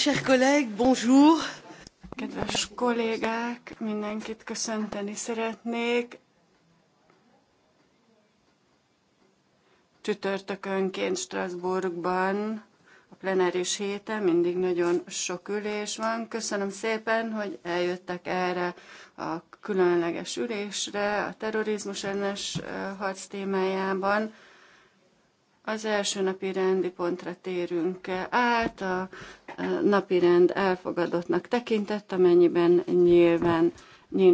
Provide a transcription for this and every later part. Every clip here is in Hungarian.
Chers collègues, bonjour. Kedves kollégák, mindenkit köszönteni szeretnék. Csütörtökönként Strasbourgban a plenáris héten mindig nagyon sok ülés van. Köszönöm szépen, hogy eljöttek erre a különleges ülésre a terrorizmus ellenes harc témájában. Az első napi rendi pontra térünk át, a napi rend elfogadottnak tekintett, amennyiben nyilván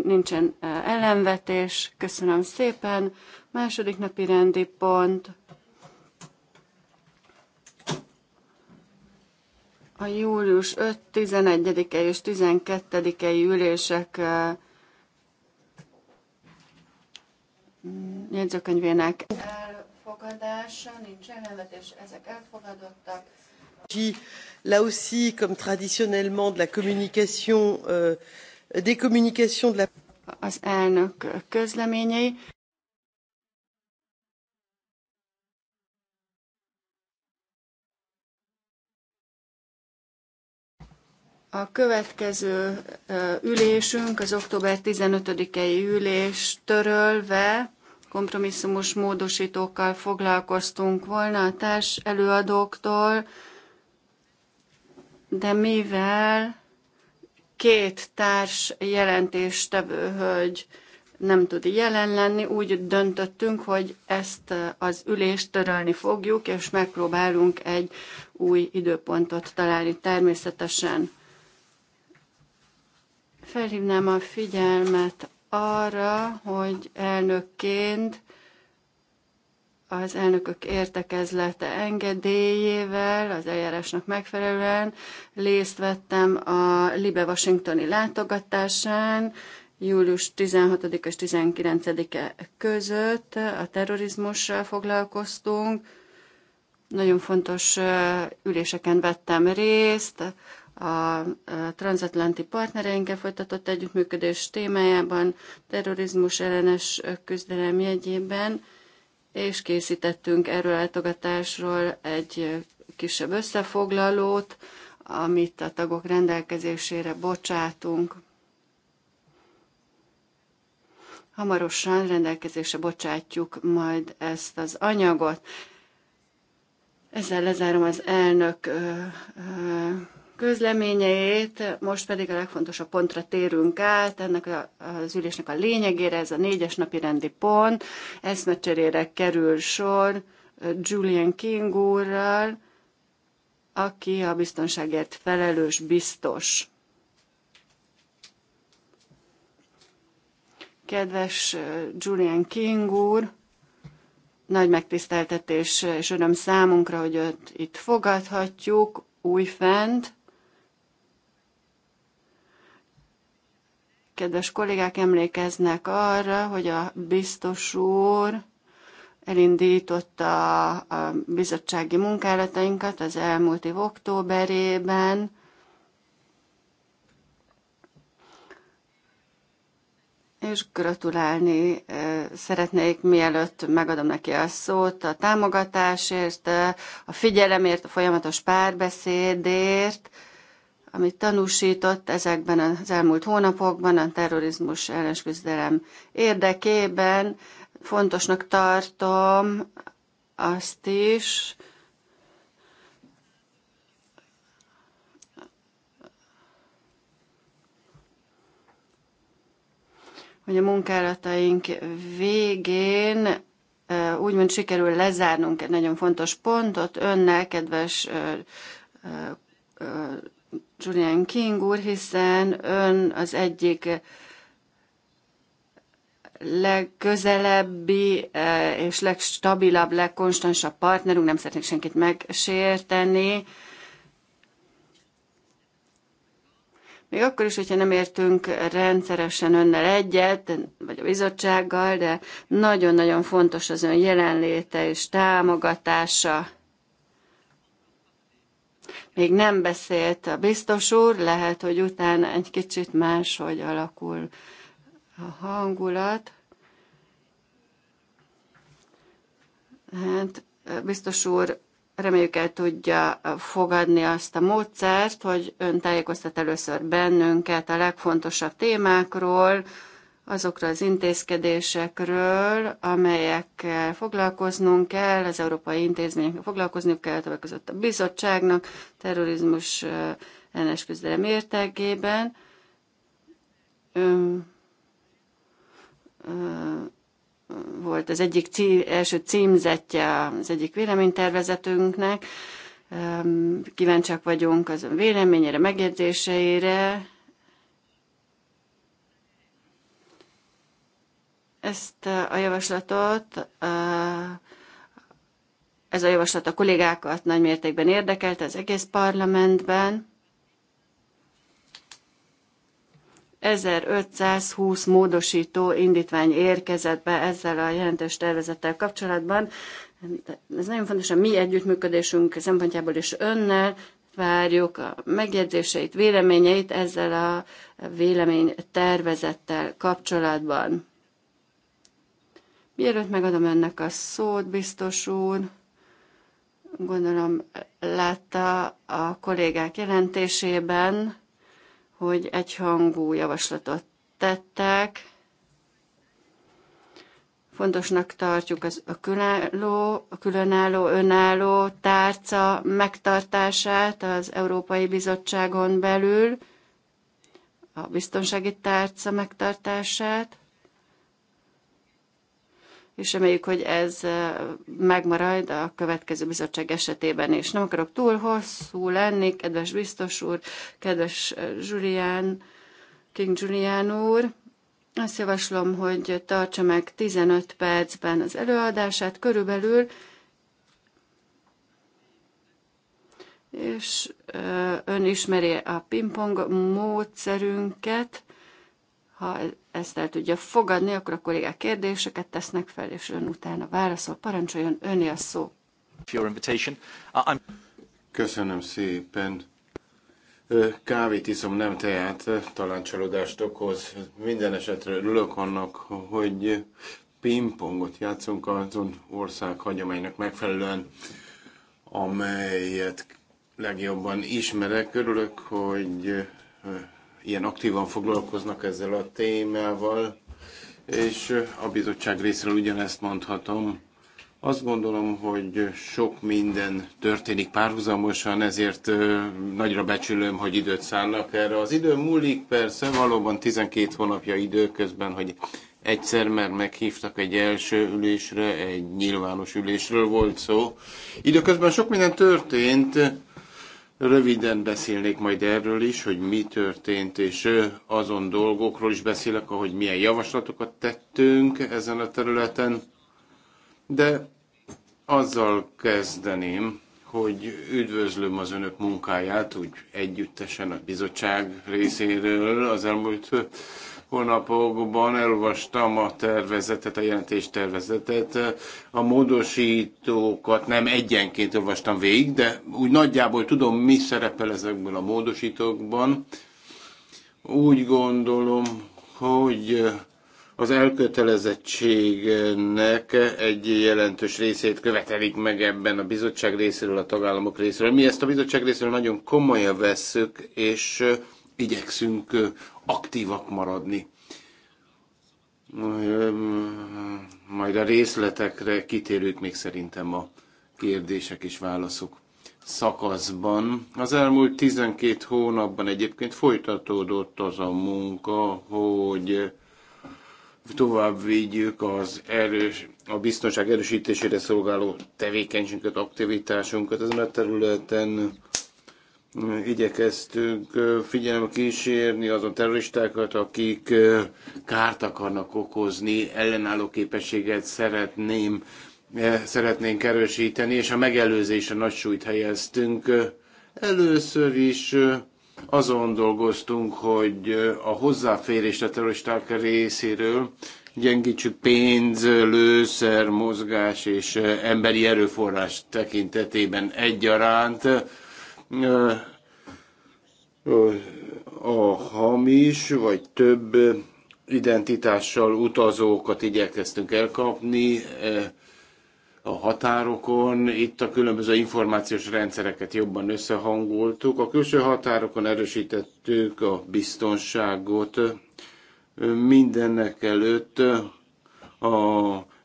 nincsen e, ellenvetés. Köszönöm szépen. Második napi rendi pont. A július 5, 11-e és 12-e ülések e, jegyzőkönyvének el elfogadása, nincs ellenvetés, ezek elfogadottak. Là aussi, comme traditionnellement, de la communication, euh, des communications de la... Az elnök közleményei. A következő ülésünk, az október 15-i ülés törölve kompromisszumos módosítókkal foglalkoztunk volna a társ előadóktól, de mivel két társ jelentéstevő hölgy nem tud jelen lenni, úgy döntöttünk, hogy ezt az ülést törölni fogjuk, és megpróbálunk egy új időpontot találni természetesen. Felhívnám a figyelmet arra, hogy elnökként az elnökök értekezlete engedélyével, az eljárásnak megfelelően részt vettem a Libe Washingtoni látogatásán, július 16 és 19-e között a terrorizmussal foglalkoztunk. Nagyon fontos üléseken vettem részt, a transatlanti partnereinkkel folytatott együttműködés témájában, terrorizmus ellenes küzdelem jegyében, és készítettünk erről látogatásról egy kisebb összefoglalót, amit a tagok rendelkezésére bocsátunk. Hamarosan rendelkezésre bocsátjuk majd ezt az anyagot. Ezzel lezárom az elnök közleményeit, most pedig a legfontosabb pontra térünk át, ennek az ülésnek a lényegére, ez a négyes napi rendi pont, eszmecserére kerül sor Julian King úrral, aki a biztonságért felelős biztos. Kedves Julian King úr, nagy megtiszteltetés és öröm számunkra, hogy őt itt fogadhatjuk újfent. kedves kollégák emlékeznek arra, hogy a biztos úr elindította a bizottsági munkálatainkat az elmúlt év októberében, és gratulálni szeretnék, mielőtt megadom neki a szót, a támogatásért, a figyelemért, a folyamatos párbeszédért, amit tanúsított ezekben az elmúlt hónapokban a terrorizmus ellenes küzdelem érdekében. Fontosnak tartom azt is, hogy a munkálataink végén úgymond sikerül lezárnunk egy nagyon fontos pontot. Önnel, kedves Julian King úr, hiszen ön az egyik legközelebbi eh, és legstabilabb, legkonstansabb partnerünk, nem szeretnék senkit megsérteni. Még akkor is, hogyha nem értünk rendszeresen önnel egyet, vagy a bizottsággal, de nagyon-nagyon fontos az ön jelenléte és támogatása még nem beszélt a biztos úr, lehet, hogy utána egy kicsit máshogy alakul a hangulat. Hát, biztos úr, reméljük el tudja fogadni azt a módszert, hogy ön tájékoztat először bennünket a legfontosabb témákról, azokra az intézkedésekről, amelyekkel foglalkoznunk kell, az európai intézményekkel foglalkozniuk kell, többek között a bizottságnak, terrorizmus ellenes küzdelem értelgében. Volt az egyik cí, első címzetje az egyik véleménytervezetünknek. Kíváncsiak vagyunk az véleményére, megjegyzéseire, Ezt a javaslatot, ez a javaslat a kollégákat nagy mértékben érdekelte az egész parlamentben. 1520 módosító indítvány érkezett be ezzel a jelentős tervezettel kapcsolatban. Ez nagyon fontos a mi együttműködésünk szempontjából is önnel, várjuk a megjegyzéseit, véleményeit ezzel a vélemény tervezettel kapcsolatban. Mielőtt megadom önnek a szót, biztos úr, gondolom látta a kollégák jelentésében, hogy egyhangú javaslatot tettek. Fontosnak tartjuk az a különálló, a különálló, önálló tárca megtartását az Európai Bizottságon belül, a biztonsági tárca megtartását és reméljük, hogy ez megmarad a következő bizottság esetében is. Nem akarok túl hosszú lenni, kedves biztos úr, kedves Julian, King Julian úr. Azt javaslom, hogy tartsa meg 15 percben az előadását körülbelül, és ön ismeri a pingpong módszerünket, ha ezt el tudja fogadni, akkor a kollégák kérdéseket tesznek fel, és ön utána válaszol. Parancsoljon, öné a szó. Uh, Köszönöm szépen. Kávét iszom, nem teát, talán csalódást okoz. Minden esetre örülök annak, hogy pingpongot játszunk azon ország hagyománynak megfelelően, amelyet legjobban ismerek. Örülök, hogy ilyen aktívan foglalkoznak ezzel a témával, és a bizottság részéről ugyanezt mondhatom. Azt gondolom, hogy sok minden történik párhuzamosan, ezért nagyra becsülöm, hogy időt szánnak erre. Az idő múlik persze, valóban 12 hónapja időközben, hogy egyszer már meghívtak egy első ülésre, egy nyilvános ülésről volt szó. Időközben sok minden történt, Röviden beszélnék majd erről is, hogy mi történt, és azon dolgokról is beszélek, ahogy milyen javaslatokat tettünk ezen a területen. De azzal kezdeném, hogy üdvözlöm az önök munkáját, úgy együttesen a bizottság részéről az elmúlt hónapokban elolvastam a tervezetet, a tervezetet. A módosítókat nem egyenként olvastam végig, de úgy nagyjából tudom, mi szerepel ezekből a módosítókban. Úgy gondolom, hogy az elkötelezettségnek egy jelentős részét követelik meg ebben a bizottság részéről, a tagállamok részéről. Mi ezt a bizottság részéről nagyon komolyan vesszük, és igyekszünk aktívak maradni. Majd a részletekre kitérők még szerintem a kérdések és válaszok szakaszban. Az elmúlt 12 hónapban egyébként folytatódott az a munka, hogy tovább vigyük az erős, a biztonság erősítésére szolgáló tevékenységünket, aktivitásunkat ezen a területen igyekeztünk figyelem kísérni azon terroristákat, akik kárt akarnak okozni, ellenálló képességet szeretném, szeretnénk erősíteni, és a megelőzésre nagy súlyt helyeztünk. Először is azon dolgoztunk, hogy a hozzáférést a terroristák részéről gyengítsük pénz, lőszer, mozgás és emberi erőforrás tekintetében egyaránt a hamis vagy több identitással utazókat igyekeztünk elkapni a határokon. Itt a különböző információs rendszereket jobban összehangoltuk. A külső határokon erősítettük a biztonságot mindennek előtt a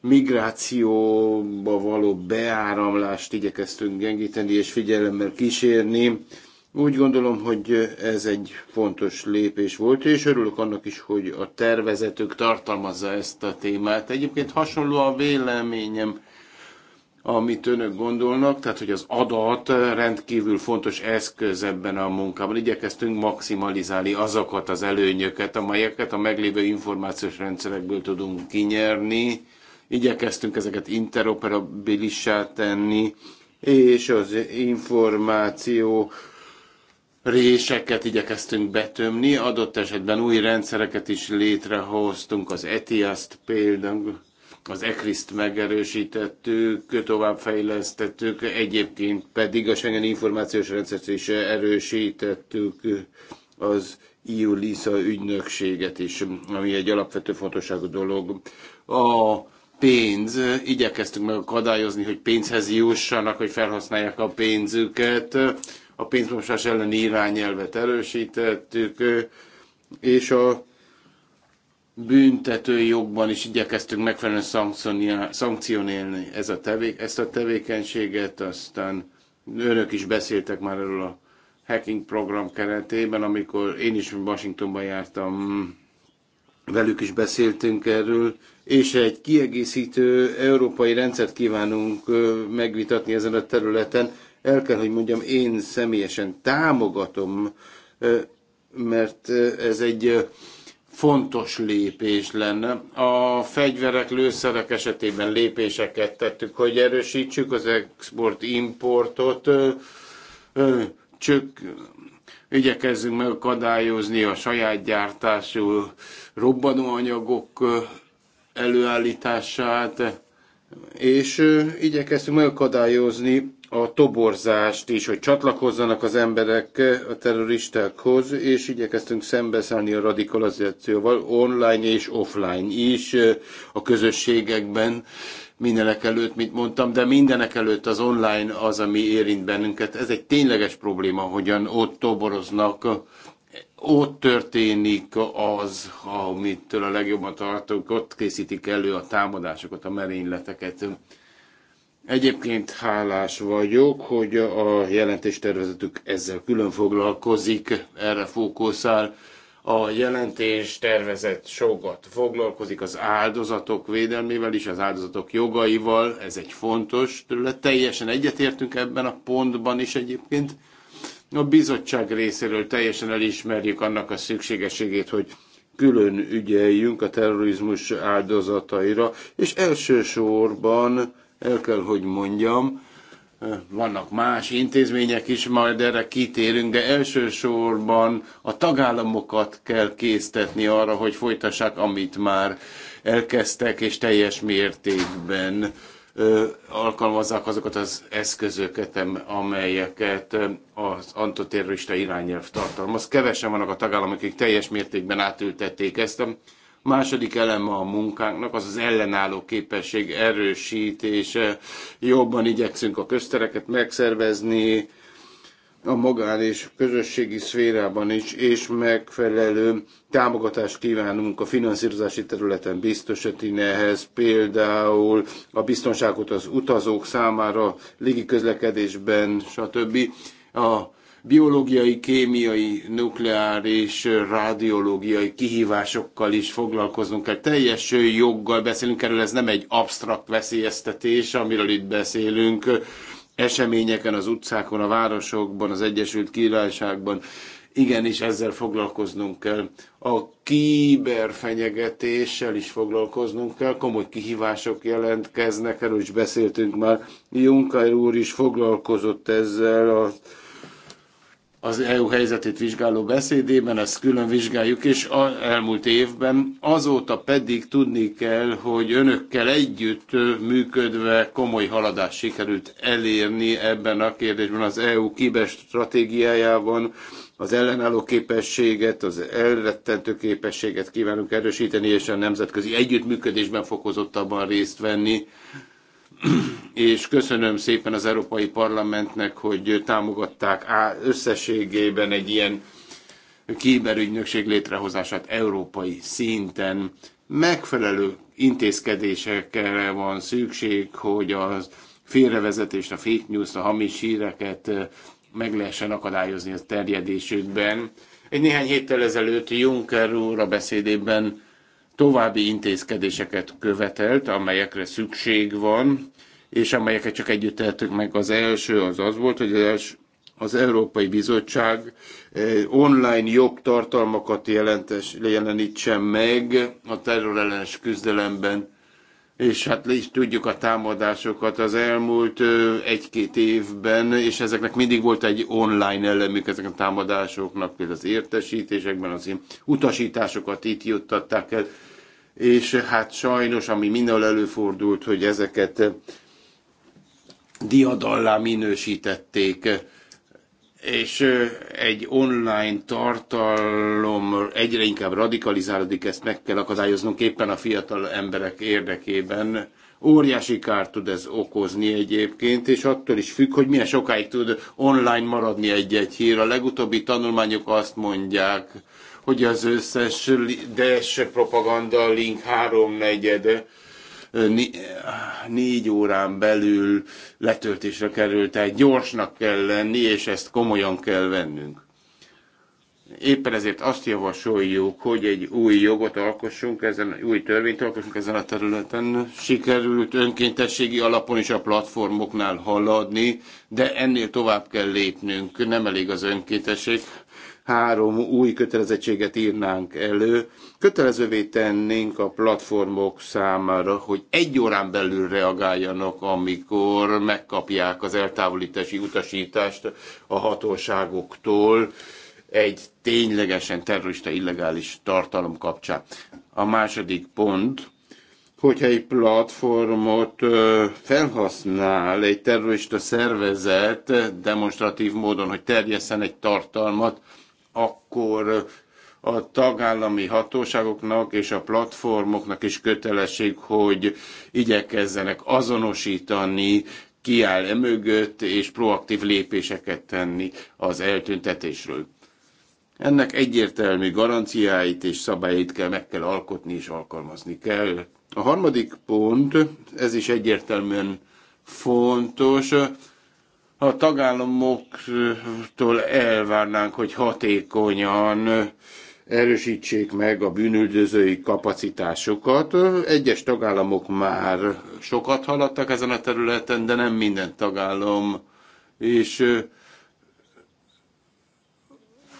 migrációba való beáramlást igyekeztünk gyengíteni és figyelemmel kísérni. Úgy gondolom, hogy ez egy fontos lépés volt, és örülök annak is, hogy a tervezetük tartalmazza ezt a témát. Egyébként hasonló a véleményem, amit önök gondolnak, tehát hogy az adat rendkívül fontos eszköz ebben a munkában. Igyekeztünk maximalizálni azokat az előnyöket, amelyeket a meglévő információs rendszerekből tudunk kinyerni, igyekeztünk ezeket interoperabilissá tenni, és az információ réseket igyekeztünk betömni, adott esetben új rendszereket is létrehoztunk, az ETIAS-t például, az ECRIS-t megerősítettük, továbbfejlesztettük, egyébként pedig a Schengen információs rendszert is erősítettük, az EU-LISA ügynökséget is, ami egy alapvető fontosságú dolog. A pénz, igyekeztünk akadályozni, hogy pénzhez jussanak, hogy felhasználják a pénzüket. A pénzmosás elleni irányelvet erősítettük, és a büntető jogban is igyekeztünk megfelelően szankcionálni ez a tevé- ezt a tevékenységet, aztán önök is beszéltek már erről a hacking program keretében, amikor én is Washingtonban jártam velük is beszéltünk erről, és egy kiegészítő európai rendszert kívánunk megvitatni ezen a területen. El kell, hogy mondjam, én személyesen támogatom, mert ez egy fontos lépés lenne. A fegyverek, lőszerek esetében lépéseket tettük, hogy erősítsük az export-importot, csak igyekezzünk megakadályozni a saját gyártású robbanóanyagok előállítását, és igyekeztünk megakadályozni a toborzást is, hogy csatlakozzanak az emberek a terroristákhoz, és igyekeztünk szembeszállni a radikalizációval online és offline is a közösségekben, mindenek előtt, mint mondtam, de mindenek előtt az online az, ami érint bennünket. Ez egy tényleges probléma, hogyan ott toboroznak, ott történik az, amitől a legjobban tartunk, ott készítik elő a támadásokat, a merényleteket. Egyébként hálás vagyok, hogy a jelentéstervezetük ezzel külön foglalkozik, erre fókuszál. A jelentés tervezett sokat foglalkozik az áldozatok védelmével is, az áldozatok jogaival, ez egy fontos terület. Teljesen egyetértünk ebben a pontban is egyébként. A bizottság részéről teljesen elismerjük annak a szükségességét, hogy külön ügyeljünk a terrorizmus áldozataira, és elsősorban el kell, hogy mondjam, vannak más intézmények is, majd erre kitérünk, de elsősorban a tagállamokat kell késztetni arra, hogy folytassák, amit már elkezdtek, és teljes mértékben alkalmazzák azokat az eszközöket, amelyeket az antiterrorista irányelv tartalmaz. Kevesen vannak a tagállamok, akik teljes mértékben átültették ezt. Második eleme a munkánknak az az ellenálló képesség erősítése. Jobban igyekszünk a köztereket megszervezni, a magán és közösségi szférában is, és megfelelő támogatást kívánunk a finanszírozási területen biztosítani ehhez, például a biztonságot az utazók számára, légiközlekedésben, stb. A biológiai, kémiai, nukleáris, radiológiai kihívásokkal is foglalkoznunk kell. Teljes joggal beszélünk erről, ez nem egy absztrakt veszélyeztetés, amiről itt beszélünk, eseményeken, az utcákon, a városokban, az Egyesült Királyságban. Igenis, ezzel foglalkoznunk kell. A kiberfenyegetéssel is foglalkoznunk kell, komoly kihívások jelentkeznek, erről is beszéltünk már. Juncker úr is foglalkozott ezzel a az EU helyzetét vizsgáló beszédében, ezt külön vizsgáljuk, és a elmúlt évben azóta pedig tudni kell, hogy önökkel együtt működve komoly haladást sikerült elérni ebben a kérdésben az EU kibes stratégiájában, az ellenálló képességet, az elrettentő képességet kívánunk erősíteni, és a nemzetközi együttműködésben fokozottabban részt venni és köszönöm szépen az Európai Parlamentnek, hogy támogatták összességében egy ilyen kiberügynökség létrehozását európai szinten. Megfelelő intézkedésekre van szükség, hogy az félrevezetést, a fake news, a hamis híreket meg lehessen akadályozni a terjedésükben. Egy néhány héttel ezelőtt Juncker úr a beszédében további intézkedéseket követelt, amelyekre szükség van, és amelyeket csak együtt tettük meg. Az első az az volt, hogy az, els, az Európai Bizottság eh, online jogtartalmakat jelentes, jelenítsen meg a terrorellenes küzdelemben, és hát le is tudjuk a támadásokat az elmúlt egy-két évben, és ezeknek mindig volt egy online elemük ezek a támadásoknak, például az értesítésekben az utasításokat itt juttatták el, és eh, hát sajnos, ami minden előfordult, hogy ezeket eh, diadallá minősítették, eh, és egy online tartalom egyre inkább radikalizálódik, ezt meg kell akadályoznunk éppen a fiatal emberek érdekében. Óriási kár tud ez okozni egyébként, és attól is függ, hogy milyen sokáig tud online maradni egy-egy hír. A legutóbbi tanulmányok azt mondják, hogy az összes DS propaganda link háromnegyede eh, eh, négy órán belül letöltésre került, tehát gyorsnak kell lenni, és ezt komolyan kell vennünk. Éppen ezért azt javasoljuk, hogy egy új jogot alkossunk, ezen, új törvényt alkossunk ezen a területen. Sikerült önkéntességi alapon is a platformoknál haladni, de ennél tovább kell lépnünk, nem elég az önkéntesség három új kötelezettséget írnánk elő. Kötelezővé tennénk a platformok számára, hogy egy órán belül reagáljanak, amikor megkapják az eltávolítási utasítást a hatóságoktól egy ténylegesen terrorista illegális tartalom kapcsán. A második pont, hogyha egy platformot felhasznál egy terrorista szervezet demonstratív módon, hogy terjesszen egy tartalmat, akkor a tagállami hatóságoknak és a platformoknak is kötelesség, hogy igyekezzenek azonosítani, ki áll e mögött, és proaktív lépéseket tenni az eltüntetésről. Ennek egyértelmű garanciáit és szabályait kell meg kell alkotni és alkalmazni kell. A harmadik pont, ez is egyértelműen fontos, a tagállamoktól elvárnánk, hogy hatékonyan erősítsék meg a bűnüldözői kapacitásokat. Egyes tagállamok már sokat haladtak ezen a területen, de nem minden tagállam, és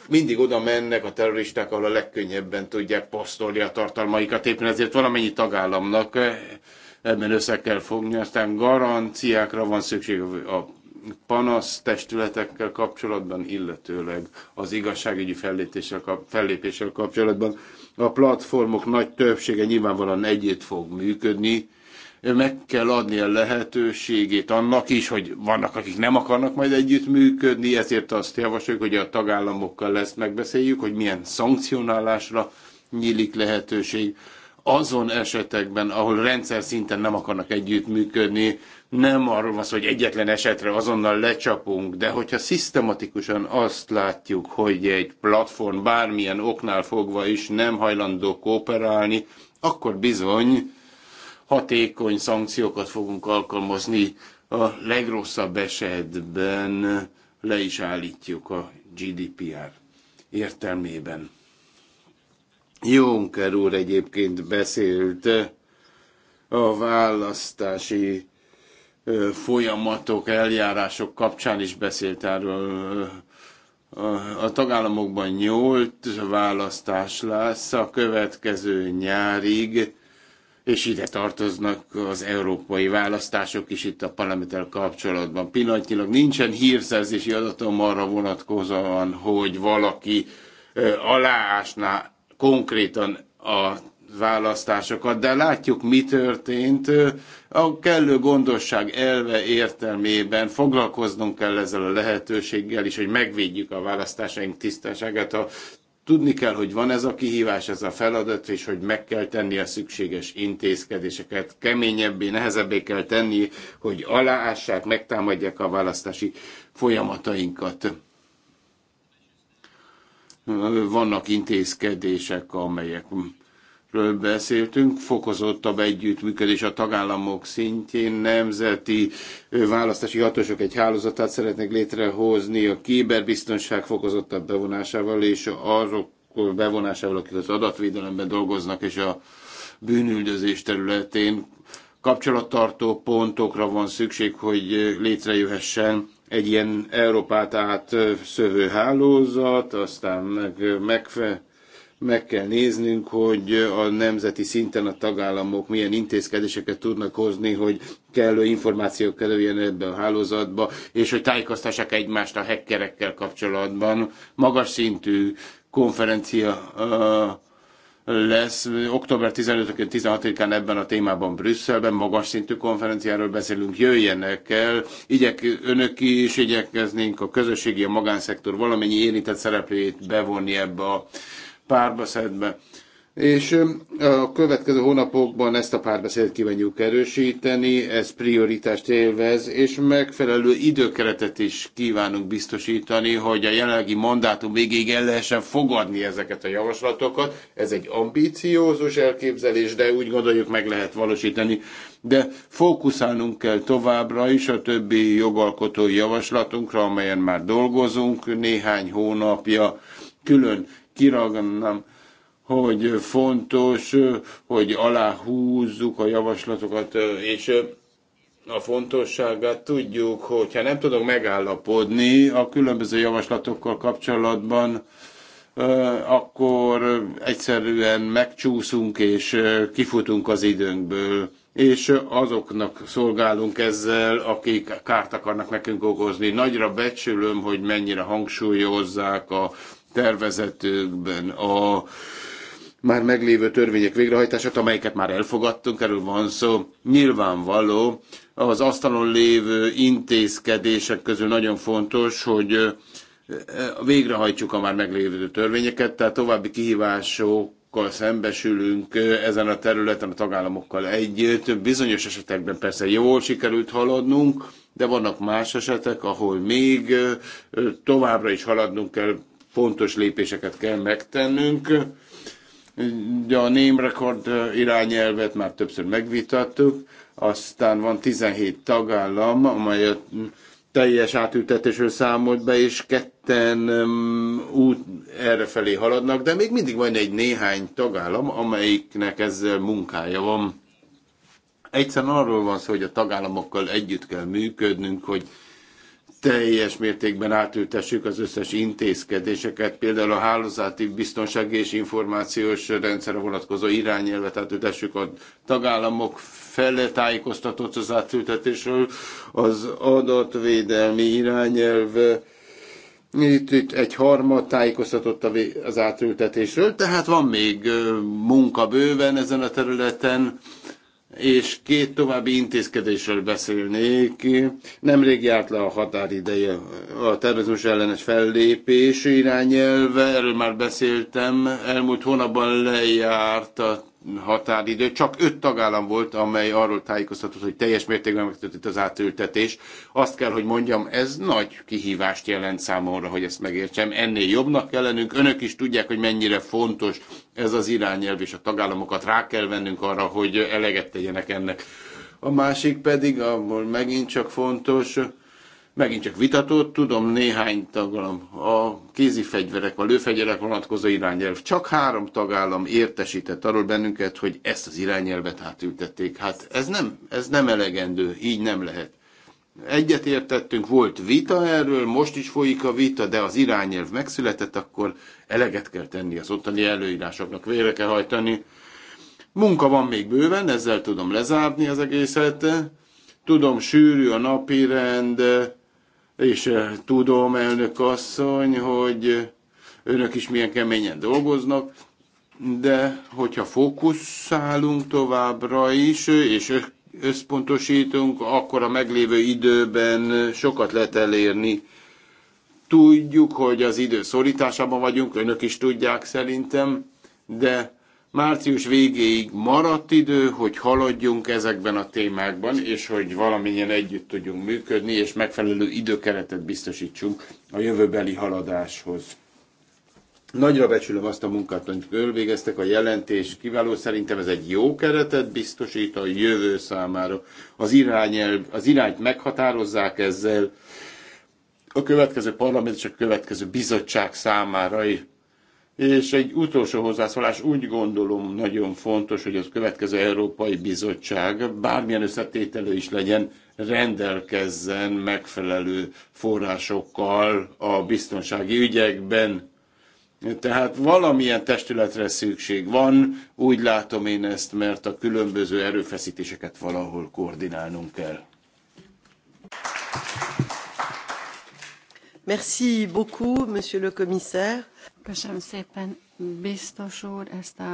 mindig oda mennek a terroristák, ahol a legkönnyebben tudják posztolni a tartalmaikat, éppen ezért valamennyi tagállamnak ebben össze kell fogni, aztán garanciákra van szükség a panasz testületekkel kapcsolatban, illetőleg az igazságügyi fellépéssel kapcsolatban. A platformok nagy többsége nyilvánvalóan együtt fog működni, meg kell adni a lehetőségét annak is, hogy vannak, akik nem akarnak majd együtt működni, ezért azt javasoljuk, hogy a tagállamokkal ezt megbeszéljük, hogy milyen szankcionálásra nyílik lehetőség azon esetekben, ahol rendszer szinten nem akarnak együttműködni, nem arról van szó, hogy egyetlen esetre azonnal lecsapunk, de hogyha szisztematikusan azt látjuk, hogy egy platform bármilyen oknál fogva is nem hajlandó kooperálni, akkor bizony hatékony szankciókat fogunk alkalmazni. A legrosszabb esetben le is állítjuk a GDPR értelmében. Juncker úr egyébként beszélt a választási folyamatok, eljárások kapcsán is beszélt erről. A tagállamokban nyolc választás lesz a következő nyárig, és ide tartoznak az európai választások is itt a parlamentel kapcsolatban. Pillanatnyilag nincsen hírszerzési adatom arra vonatkozóan, hogy valaki aláásná konkrétan a választásokat, de látjuk, mi történt. A kellő gondosság elve értelmében foglalkoznunk kell ezzel a lehetőséggel is, hogy megvédjük a választásaink tisztaságát. A, tudni kell, hogy van ez a kihívás, ez a feladat, és hogy meg kell tenni a szükséges intézkedéseket, keményebbé, nehezebbé kell tenni, hogy aláássák, megtámadják a választási folyamatainkat vannak intézkedések, amelyek ről beszéltünk, fokozottabb együttműködés a tagállamok szintjén, nemzeti választási hatósok egy hálózatát szeretnék létrehozni a kiberbiztonság fokozottabb bevonásával és azok bevonásával, akik az adatvédelemben dolgoznak és a bűnüldözés területén kapcsolattartó pontokra van szükség, hogy létrejöhessen egy ilyen Európát átszövő hálózat, aztán meg, megfe, meg kell néznünk, hogy a nemzeti szinten a tagállamok milyen intézkedéseket tudnak hozni, hogy kellő információk kerüljen ebbe a hálózatba, és hogy tájékoztassák egymást a hackerekkel kapcsolatban. Magas szintű konferencia lesz október 15-én, 16-án ebben a témában Brüsszelben, magas szintű konferenciáról beszélünk, jöjjenek el, igyek, önök is igyekeznénk a közösségi, a magánszektor valamennyi érintett szereplőjét bevonni ebbe a párbeszédbe. És a következő hónapokban ezt a párbeszédet kívánjuk erősíteni, ez prioritást élvez, és megfelelő időkeretet is kívánunk biztosítani, hogy a jelenlegi mandátum végéig el lehessen fogadni ezeket a javaslatokat. Ez egy ambíciózus elképzelés, de úgy gondoljuk meg lehet valósítani. De fókuszálnunk kell továbbra is a többi jogalkotói javaslatunkra, amelyen már dolgozunk néhány hónapja külön kiragnám, hogy fontos, hogy aláhúzzuk a javaslatokat, és a fontosságát tudjuk, hogyha nem tudok megállapodni a különböző javaslatokkal kapcsolatban, akkor egyszerűen megcsúszunk és kifutunk az időnkből, és azoknak szolgálunk ezzel, akik kárt akarnak nekünk okozni. Nagyra becsülöm, hogy mennyire hangsúlyozzák a tervezetünkben a már meglévő törvények végrehajtását, amelyeket már elfogadtunk, erről van szó. Nyilvánvaló, az asztalon lévő intézkedések közül nagyon fontos, hogy végrehajtjuk a már meglévő törvényeket, tehát további kihívások kihívásokkal szembesülünk ezen a területen a tagállamokkal együtt. Bizonyos esetekben persze jól sikerült haladnunk, de vannak más esetek, ahol még továbbra is haladnunk kell, fontos lépéseket kell megtennünk. De a record irányelvet már többször megvitattuk, aztán van 17 tagállam, amely a teljes átültetésről számolt be, és ketten um, út errefelé haladnak, de még mindig van egy néhány tagállam, amelyiknek ezzel munkája van. Egyszerűen arról van szó, hogy a tagállamokkal együtt kell működnünk, hogy teljes mértékben átültessük az összes intézkedéseket, például a hálózati biztonsági és információs rendszerre vonatkozó irányelvet átültessük a tagállamok felé tájékoztatott az átültetésről, az adatvédelmi irányelv itt, itt egy harmad tájékoztatott az átültetésről, tehát van még munka bőven ezen a területen, és két további intézkedésről beszélnék. Nemrég járt le a határideje a terrorizmus ellenes fellépés irányelve, erről már beszéltem. Elmúlt hónapban lejárt a határidő. Csak öt tagállam volt, amely arról tájékoztatott, hogy teljes mértékben megtörtént az átültetés. Azt kell, hogy mondjam, ez nagy kihívást jelent számomra, hogy ezt megértsem. Ennél jobbnak kell lennünk. Önök is tudják, hogy mennyire fontos ez az irányelv, és a tagállamokat rá kell vennünk arra, hogy eleget tegyenek ennek. A másik pedig, ahol megint csak fontos, megint csak vitatott, tudom néhány tagállam, a kézifegyverek, a lőfegyverek vonatkozó irányelv. Csak három tagállam értesített arról bennünket, hogy ezt az irányelvet átültették. Hát ez nem, ez nem elegendő, így nem lehet. Egyet értettünk, volt vita erről, most is folyik a vita, de az irányelv megszületett, akkor eleget kell tenni az ottani előírásoknak, vére kell hajtani. Munka van még bőven, ezzel tudom lezárni az egészet. Tudom, sűrű a napi rend, és eh, tudom, elnök asszony, hogy önök is milyen keményen dolgoznak, de hogyha fókuszálunk továbbra is, és összpontosítunk, akkor a meglévő időben sokat lehet elérni. Tudjuk, hogy az idő szorításában vagyunk, önök is tudják szerintem, de március végéig maradt idő, hogy haladjunk ezekben a témákban, és hogy valamilyen együtt tudjunk működni, és megfelelő időkeretet biztosítsunk a jövőbeli haladáshoz. Nagyra becsülöm azt a munkát, amit végeztek a jelentés kiváló, szerintem ez egy jó keretet biztosít a jövő számára. Az, irányel, az irányt meghatározzák ezzel a következő parlament és a következő bizottság számára és egy utolsó hozzászólás úgy gondolom nagyon fontos, hogy a következő Európai Bizottság bármilyen összetételő is legyen, rendelkezzen megfelelő forrásokkal a biztonsági ügyekben. Tehát valamilyen testületre szükség van, úgy látom én ezt, mert a különböző erőfeszítéseket valahol koordinálnunk kell. Merci beaucoup, monsieur le commissaire. Köszönöm szépen, biztos úr, ezt a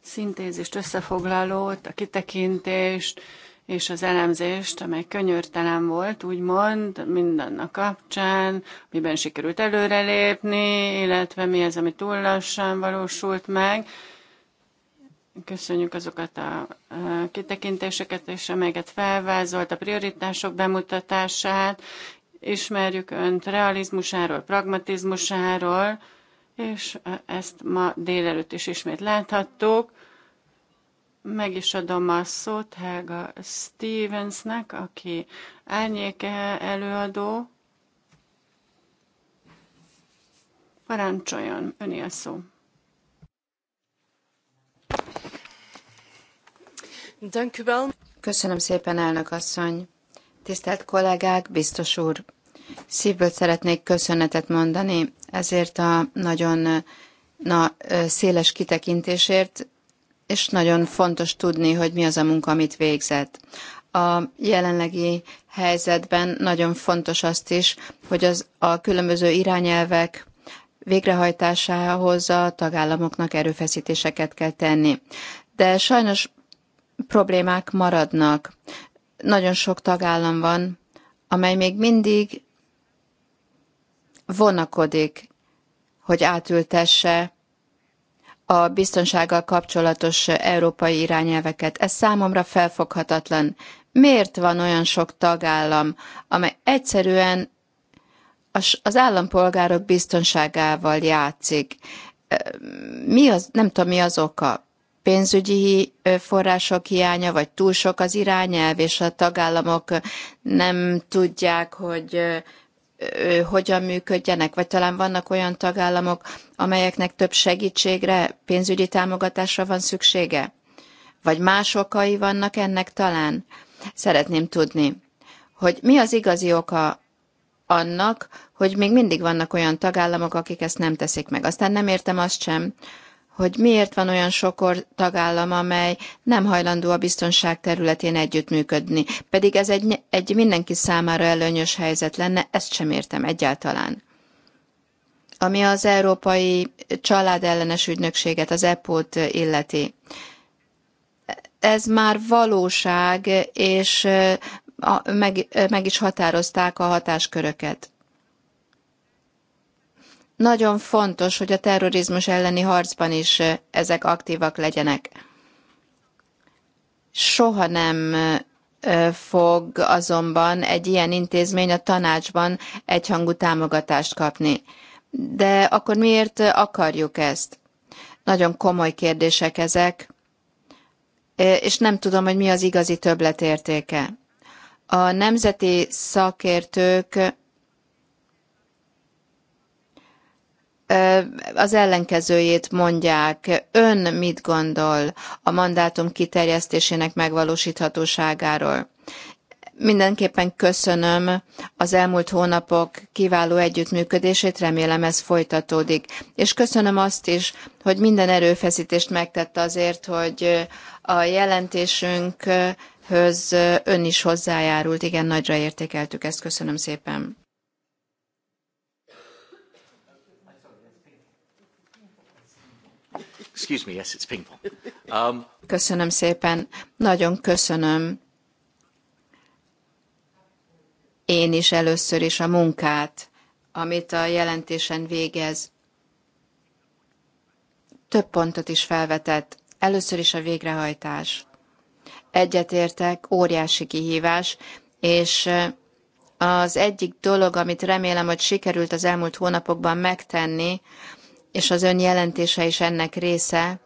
szintézist, összefoglalót, a kitekintést és az elemzést, amely könyörtelen volt, úgymond, mindannak kapcsán, miben sikerült előrelépni, illetve mi az, ami túl lassan valósult meg. Köszönjük azokat a kitekintéseket, és amelyeket felvázolt, a prioritások bemutatását, ismerjük önt realizmusáról, pragmatizmusáról, és ezt ma délelőtt is ismét láthattuk. Meg is adom a szót Helga Stevensnek, aki árnyéke előadó. Parancsoljon, öné a szó. Köszönöm szépen, elnök asszony. Tisztelt kollégák, biztos úr, Szívből szeretnék köszönetet mondani ezért a nagyon na, széles kitekintésért, és nagyon fontos tudni, hogy mi az a munka, amit végzett. A jelenlegi helyzetben nagyon fontos azt is, hogy az a különböző irányelvek végrehajtásához a tagállamoknak erőfeszítéseket kell tenni. De sajnos problémák maradnak. Nagyon sok tagállam van, amely még mindig vonakodik, hogy átültesse a biztonsággal kapcsolatos európai irányelveket. Ez számomra felfoghatatlan. Miért van olyan sok tagállam, amely egyszerűen az állampolgárok biztonságával játszik? Mi az, nem tudom, mi az oka pénzügyi források hiánya, vagy túl sok az irányelv, és a tagállamok nem tudják, hogy hogyan működjenek, vagy talán vannak olyan tagállamok, amelyeknek több segítségre, pénzügyi támogatásra van szüksége? Vagy más okai vannak ennek talán? Szeretném tudni, hogy mi az igazi oka annak, hogy még mindig vannak olyan tagállamok, akik ezt nem teszik meg. Aztán nem értem azt sem, hogy miért van olyan sok tagállam, amely nem hajlandó a biztonság területén együttműködni. Pedig ez egy, egy mindenki számára előnyös helyzet lenne, ezt sem értem egyáltalán. Ami az Európai Családellenes Ügynökséget, az EPO-t illeti. Ez már valóság, és meg, meg is határozták a hatásköröket. Nagyon fontos, hogy a terrorizmus elleni harcban is ezek aktívak legyenek. Soha nem fog azonban egy ilyen intézmény a tanácsban egyhangú támogatást kapni. De akkor miért akarjuk ezt? Nagyon komoly kérdések ezek, és nem tudom, hogy mi az igazi többletértéke. A nemzeti szakértők az ellenkezőjét mondják. Ön mit gondol a mandátum kiterjesztésének megvalósíthatóságáról? Mindenképpen köszönöm az elmúlt hónapok kiváló együttműködését, remélem ez folytatódik. És köszönöm azt is, hogy minden erőfeszítést megtett azért, hogy a jelentésünkhöz ön is hozzájárult. Igen, nagyra értékeltük ezt. Köszönöm szépen. Excuse me, yes, it's Um... Köszönöm szépen. Nagyon köszönöm én is először is a munkát, amit a jelentésen végez. Több pontot is felvetett. Először is a végrehajtás. Egyetértek, óriási kihívás, és az egyik dolog, amit remélem, hogy sikerült az elmúlt hónapokban megtenni, és az ön jelentése is ennek része,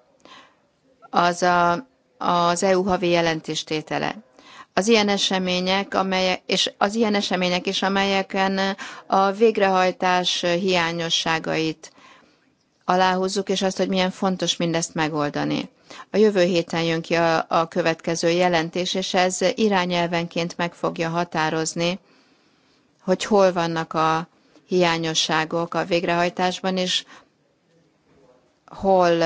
az a, az EU havi jelentéstétele. Az ilyen események, amelyek, és az ilyen események is, amelyeken a végrehajtás hiányosságait aláhúzzuk, és azt, hogy milyen fontos mindezt megoldani. A jövő héten jön ki a, a következő jelentés, és ez irányelvenként meg fogja határozni, hogy hol vannak a hiányosságok a végrehajtásban, és hol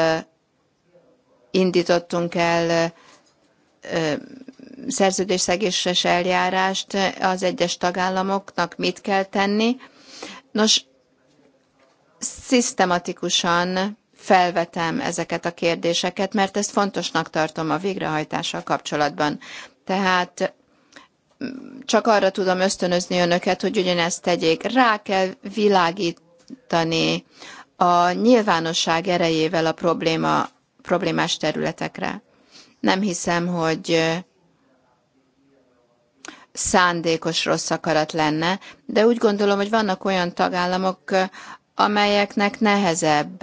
indítottunk el szerződésszegéses eljárást, az egyes tagállamoknak mit kell tenni. Nos, szisztematikusan felvetem ezeket a kérdéseket, mert ezt fontosnak tartom a végrehajtással kapcsolatban. Tehát csak arra tudom ösztönözni önöket, hogy ugyanezt tegyék. Rá kell világítani a nyilvánosság erejével a probléma, problémás területekre. Nem hiszem, hogy szándékos rossz akarat lenne, de úgy gondolom, hogy vannak olyan tagállamok, amelyeknek nehezebb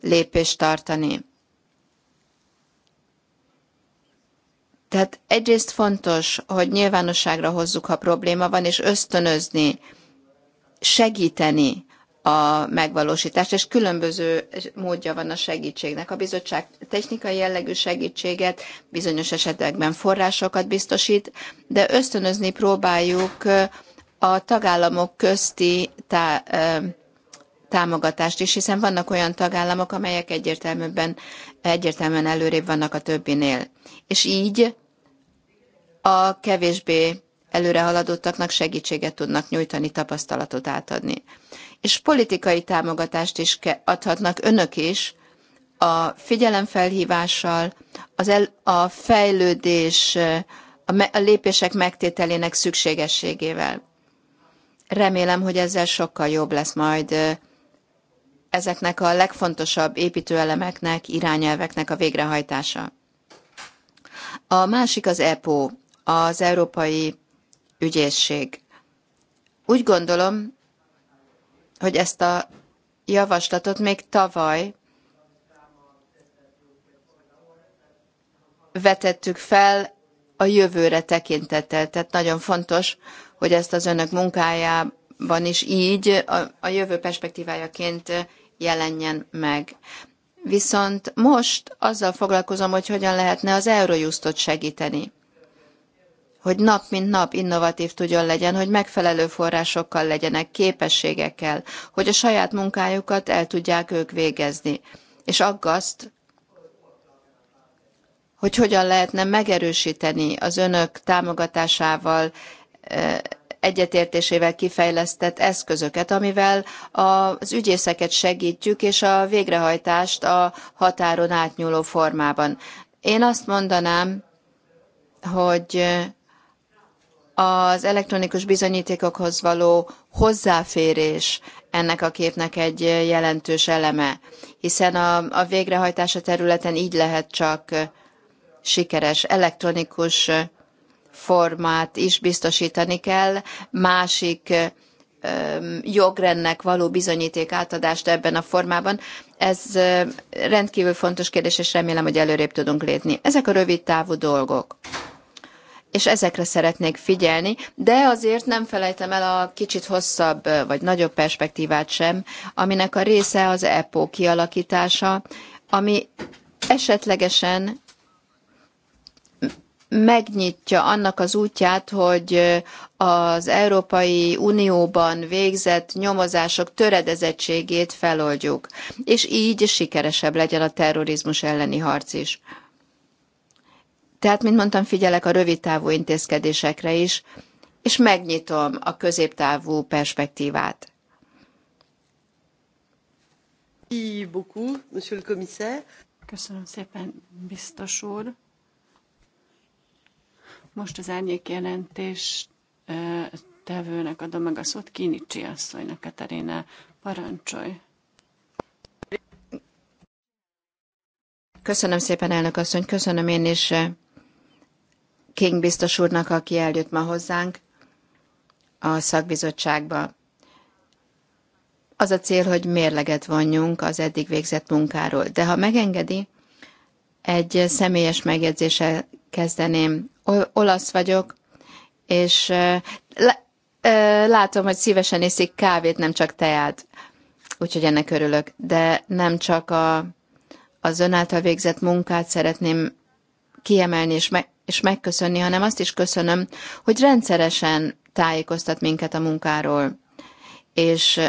lépést tartani. Tehát egyrészt fontos, hogy nyilvánosságra hozzuk, ha probléma van, és ösztönözni, segíteni a megvalósítást, és különböző módja van a segítségnek. A bizottság technikai jellegű segítséget, bizonyos esetekben forrásokat biztosít, de ösztönözni próbáljuk a tagállamok közti tá, támogatást is, hiszen vannak olyan tagállamok, amelyek egyértelműen, egyértelműen előrébb vannak a többinél. És így a kevésbé előre haladottaknak segítséget tudnak nyújtani, tapasztalatot átadni. És politikai támogatást is adhatnak önök is, a figyelemfelhívással, az el, a fejlődés, a, me, a lépések megtételének szükségességével. Remélem, hogy ezzel sokkal jobb lesz majd ezeknek a legfontosabb építőelemeknek, irányelveknek a végrehajtása. A másik az EPO, az Európai ügyészség. Úgy gondolom, hogy ezt a javaslatot még tavaly vetettük fel a jövőre tekintettel. Tehát nagyon fontos, hogy ezt az önök munkájában is így a, a jövő perspektívájaként jelenjen meg. Viszont most azzal foglalkozom, hogy hogyan lehetne az Eurojustot segíteni hogy nap mint nap innovatív tudjon legyen, hogy megfelelő forrásokkal legyenek, képességekkel, hogy a saját munkájukat el tudják ők végezni. És aggaszt, hogy hogyan lehetne megerősíteni az önök támogatásával, e, egyetértésével kifejlesztett eszközöket, amivel az ügyészeket segítjük, és a végrehajtást a határon átnyúló formában. Én azt mondanám, hogy az elektronikus bizonyítékokhoz való hozzáférés ennek a képnek egy jelentős eleme, hiszen a, a végrehajtása területen így lehet csak sikeres elektronikus formát is biztosítani kell, másik jogrendnek való bizonyíték átadást ebben a formában. Ez rendkívül fontos kérdés, és remélem, hogy előrébb tudunk lépni. Ezek a rövid távú dolgok és ezekre szeretnék figyelni, de azért nem felejtem el a kicsit hosszabb vagy nagyobb perspektívát sem, aminek a része az EPO kialakítása, ami esetlegesen megnyitja annak az útját, hogy az Európai Unióban végzett nyomozások töredezettségét feloldjuk, és így sikeresebb legyen a terrorizmus elleni harc is. Tehát, mint mondtam, figyelek a rövid távú intézkedésekre is, és megnyitom a középtávú perspektívát. Köszönöm szépen, biztos úr. Most az árnyék jelentés tevőnek adom meg a szót, Kinicsi asszonynak, Katarina, parancsolj. Köszönöm szépen, elnök asszony, köszönöm én is King biztos úrnak, aki eljött ma hozzánk a szakbizottságba. Az a cél, hogy mérleget vonjunk az eddig végzett munkáról. De ha megengedi, egy személyes megjegyzéssel kezdeném. Olasz vagyok, és látom, hogy szívesen iszik kávét, nem csak teát. Úgyhogy ennek örülök. De nem csak a, az ön által végzett munkát szeretném kiemelni és meg, és megköszönni, hanem azt is köszönöm, hogy rendszeresen tájékoztat minket a munkáról, és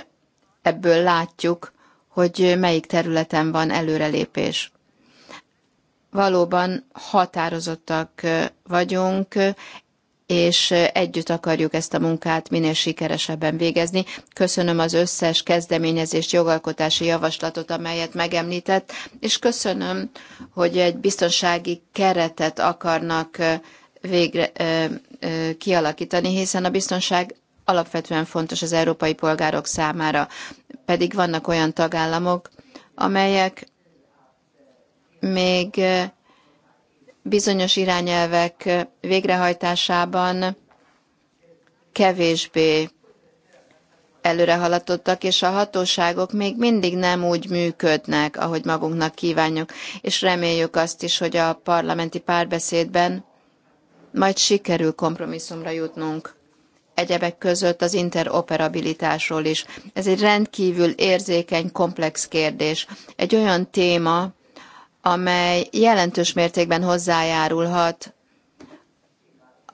ebből látjuk, hogy melyik területen van előrelépés. Valóban határozottak vagyunk, és együtt akarjuk ezt a munkát minél sikeresebben végezni. Köszönöm az összes kezdeményezést, jogalkotási javaslatot, amelyet megemlített, és köszönöm, hogy egy biztonsági keretet akarnak végre ö, ö, kialakítani, hiszen a biztonság alapvetően fontos az európai polgárok számára, pedig vannak olyan tagállamok, amelyek még bizonyos irányelvek végrehajtásában kevésbé előre haladottak, és a hatóságok még mindig nem úgy működnek, ahogy magunknak kívánjuk, és reméljük azt is, hogy a parlamenti párbeszédben majd sikerül kompromisszumra jutnunk. Egyebek között az interoperabilitásról is. Ez egy rendkívül érzékeny, komplex kérdés. Egy olyan téma, amely jelentős mértékben hozzájárulhat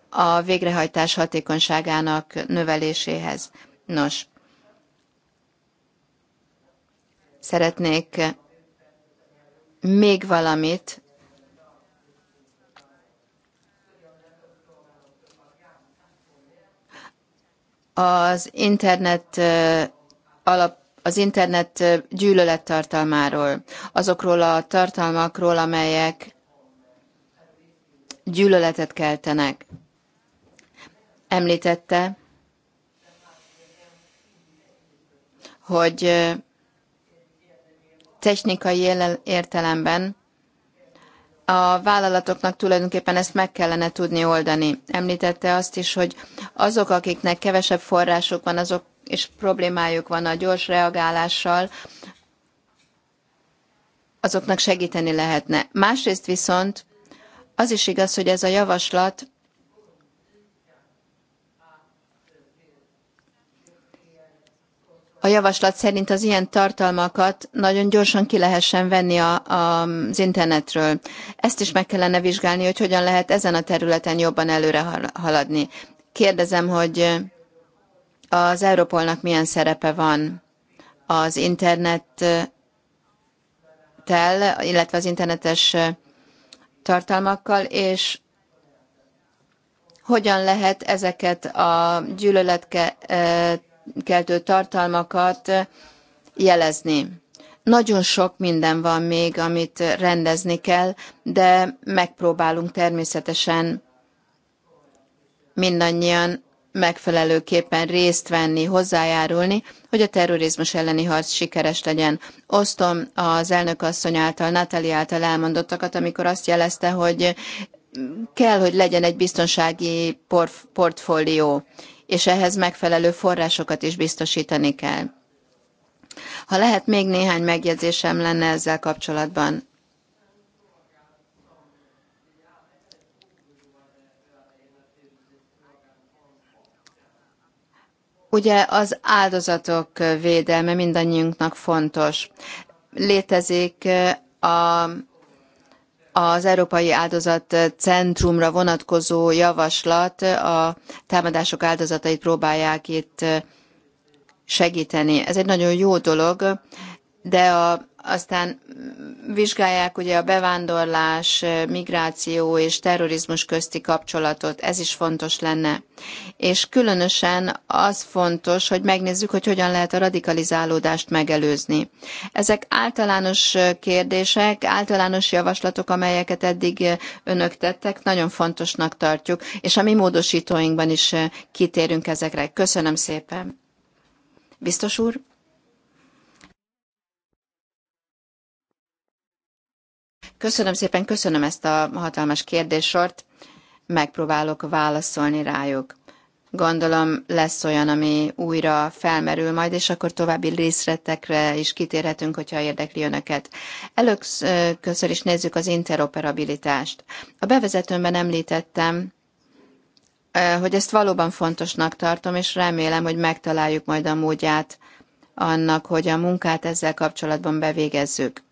a végrehajtás hatékonyságának növeléséhez. Nos, szeretnék még valamit az internet alap az internet gyűlölet tartalmáról, azokról a tartalmakról, amelyek gyűlöletet keltenek. Említette, hogy technikai értelemben a vállalatoknak tulajdonképpen ezt meg kellene tudni oldani. Említette azt is, hogy azok, akiknek kevesebb forrásuk van, azok és problémájuk van a gyors reagálással, azoknak segíteni lehetne. Másrészt viszont az is igaz, hogy ez a javaslat a javaslat szerint az ilyen tartalmakat nagyon gyorsan ki lehessen venni a, a, az internetről. Ezt is meg kellene vizsgálni, hogy hogyan lehet ezen a területen jobban előre haladni. Kérdezem, hogy az Europolnak milyen szerepe van az internettel, illetve az internetes tartalmakkal, és hogyan lehet ezeket a gyűlöletkeltő tartalmakat jelezni. Nagyon sok minden van még, amit rendezni kell, de megpróbálunk természetesen mindannyian megfelelőképpen részt venni, hozzájárulni, hogy a terrorizmus elleni harc sikeres legyen. Osztom az elnök asszony által, Natali által elmondottakat, amikor azt jelezte, hogy kell, hogy legyen egy biztonsági porf- portfólió, és ehhez megfelelő forrásokat is biztosítani kell. Ha lehet, még néhány megjegyzésem lenne ezzel kapcsolatban. Ugye az áldozatok védelme mindannyiunknak fontos. Létezik eh, a, az Európai Áldozat Centrumra vonatkozó javaslat, a támadások áldozatait próbálják itt eh, segíteni. Ez egy nagyon jó dolog, de a aztán mm, vizsgálják ugye a bevándorlás, migráció és terrorizmus közti kapcsolatot, ez is fontos lenne. És különösen az fontos, hogy megnézzük, hogy hogyan lehet a radikalizálódást megelőzni. Ezek általános kérdések, általános javaslatok, amelyeket eddig önök tettek, nagyon fontosnak tartjuk, és a mi módosítóinkban is kitérünk ezekre. Köszönöm szépen. Biztos úr? Köszönöm szépen, köszönöm ezt a hatalmas kérdéssort, megpróbálok válaszolni rájuk. Gondolom lesz olyan, ami újra felmerül majd, és akkor további részletekre is kitérhetünk, hogyha érdekli önöket. Először is nézzük az interoperabilitást. A bevezetőmben említettem, eh, hogy ezt valóban fontosnak tartom, és remélem, hogy megtaláljuk majd a módját annak, hogy a munkát ezzel kapcsolatban bevégezzük.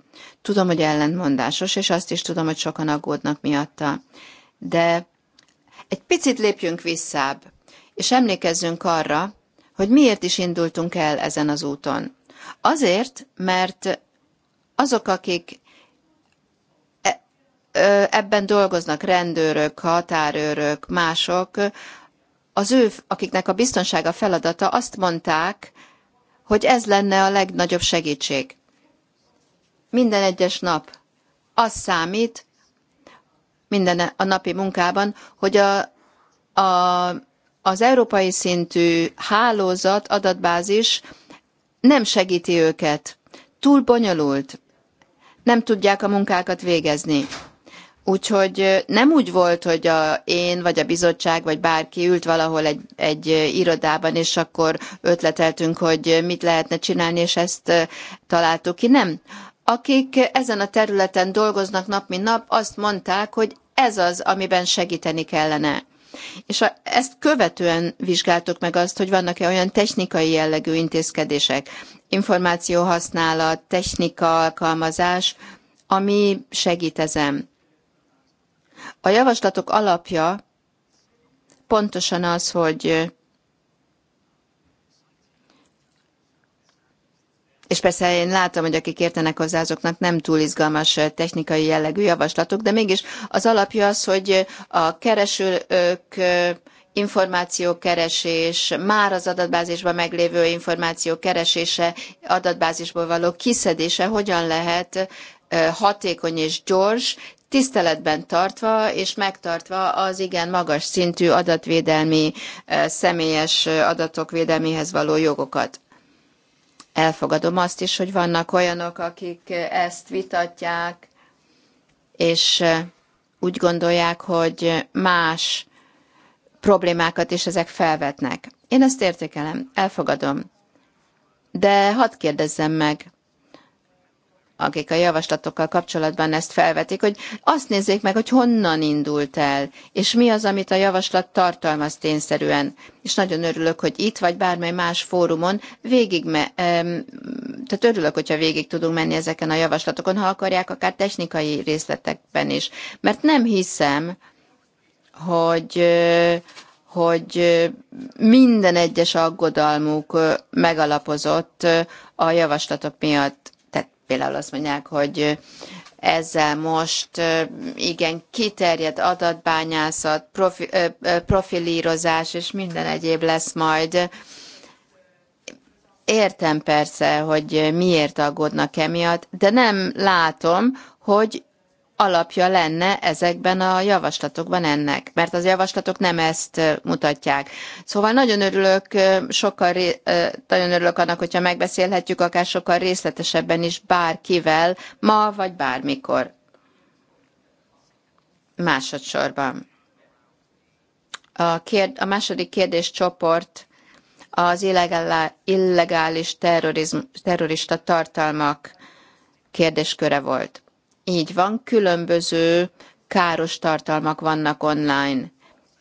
Tudom, hogy ellentmondásos, és azt is tudom, hogy sokan aggódnak miatta. De egy picit lépjünk visszább, és emlékezzünk arra, hogy miért is indultunk el ezen az úton. Azért, mert azok, akik e, ebben dolgoznak rendőrök, határőrök, mások, az ő, akiknek a biztonsága feladata, azt mondták, hogy ez lenne a legnagyobb segítség minden egyes nap az számít, minden a napi munkában, hogy a, a, az európai szintű hálózat, adatbázis nem segíti őket. Túl bonyolult. Nem tudják a munkákat végezni. Úgyhogy nem úgy volt, hogy a, én, vagy a bizottság, vagy bárki ült valahol egy, egy irodában, és akkor ötleteltünk, hogy mit lehetne csinálni, és ezt találtuk ki. Nem akik ezen a területen dolgoznak nap mint nap, azt mondták, hogy ez az, amiben segíteni kellene. És a, ezt követően vizsgáltuk meg azt, hogy vannak-e olyan technikai jellegű intézkedések, információhasználat, technika, alkalmazás, ami segít ezen. A javaslatok alapja pontosan az, hogy és persze én látom, hogy akik értenek hozzá, azoknak nem túl izgalmas technikai jellegű javaslatok, de mégis az alapja az, hogy a keresők információkeresés, már az adatbázisban meglévő információ keresése, adatbázisból való kiszedése hogyan lehet hatékony és gyors, tiszteletben tartva és megtartva az igen magas szintű adatvédelmi, személyes adatok védelméhez való jogokat. Elfogadom azt is, hogy vannak olyanok, akik ezt vitatják, és úgy gondolják, hogy más problémákat is ezek felvetnek. Én ezt értékelem, elfogadom. De hadd kérdezzem meg, akik a javaslatokkal kapcsolatban ezt felvetik, hogy azt nézzék meg, hogy honnan indult el, és mi az, amit a javaslat tartalmaz tényszerűen. És nagyon örülök, hogy itt vagy bármely más fórumon végig, me, tehát örülök, hogyha végig tudunk menni ezeken a javaslatokon, ha akarják, akár technikai részletekben is. Mert nem hiszem, hogy hogy minden egyes aggodalmuk megalapozott a javaslatok miatt például azt mondják, hogy ezzel most igen kiterjedt adatbányászat, profi, profilírozás és minden egyéb lesz majd. Értem persze, hogy miért aggódnak emiatt, de nem látom, hogy alapja lenne ezekben a javaslatokban ennek, mert az javaslatok nem ezt mutatják. Szóval nagyon örülök, sokkal, nagyon örülök annak, hogyha megbeszélhetjük akár sokkal részletesebben is bárkivel, ma vagy bármikor. Másodszorban. A, kérd, a második kérdés csoport az illegális terrorizm, terrorista tartalmak kérdésköre volt így van, különböző káros tartalmak vannak online,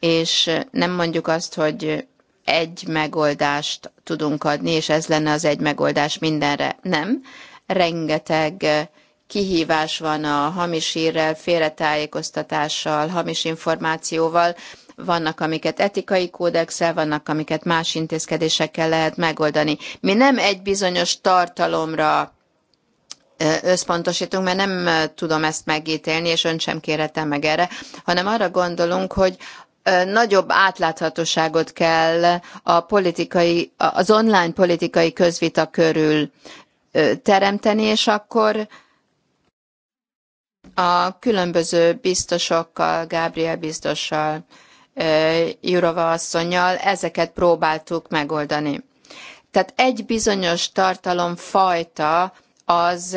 és nem mondjuk azt, hogy egy megoldást tudunk adni, és ez lenne az egy megoldás mindenre. Nem. Rengeteg kihívás van a hamis hírrel, félretájékoztatással, hamis információval, vannak, amiket etikai kódexel, vannak, amiket más intézkedésekkel lehet megoldani. Mi nem egy bizonyos tartalomra összpontosítunk, mert nem tudom ezt megítélni, és ön sem kérhetem meg erre, hanem arra gondolunk, hogy nagyobb átláthatóságot kell a politikai, az online politikai közvita körül teremteni, és akkor a különböző biztosokkal, Gábriel biztossal, Jurova asszonynal ezeket próbáltuk megoldani. Tehát egy bizonyos tartalomfajta az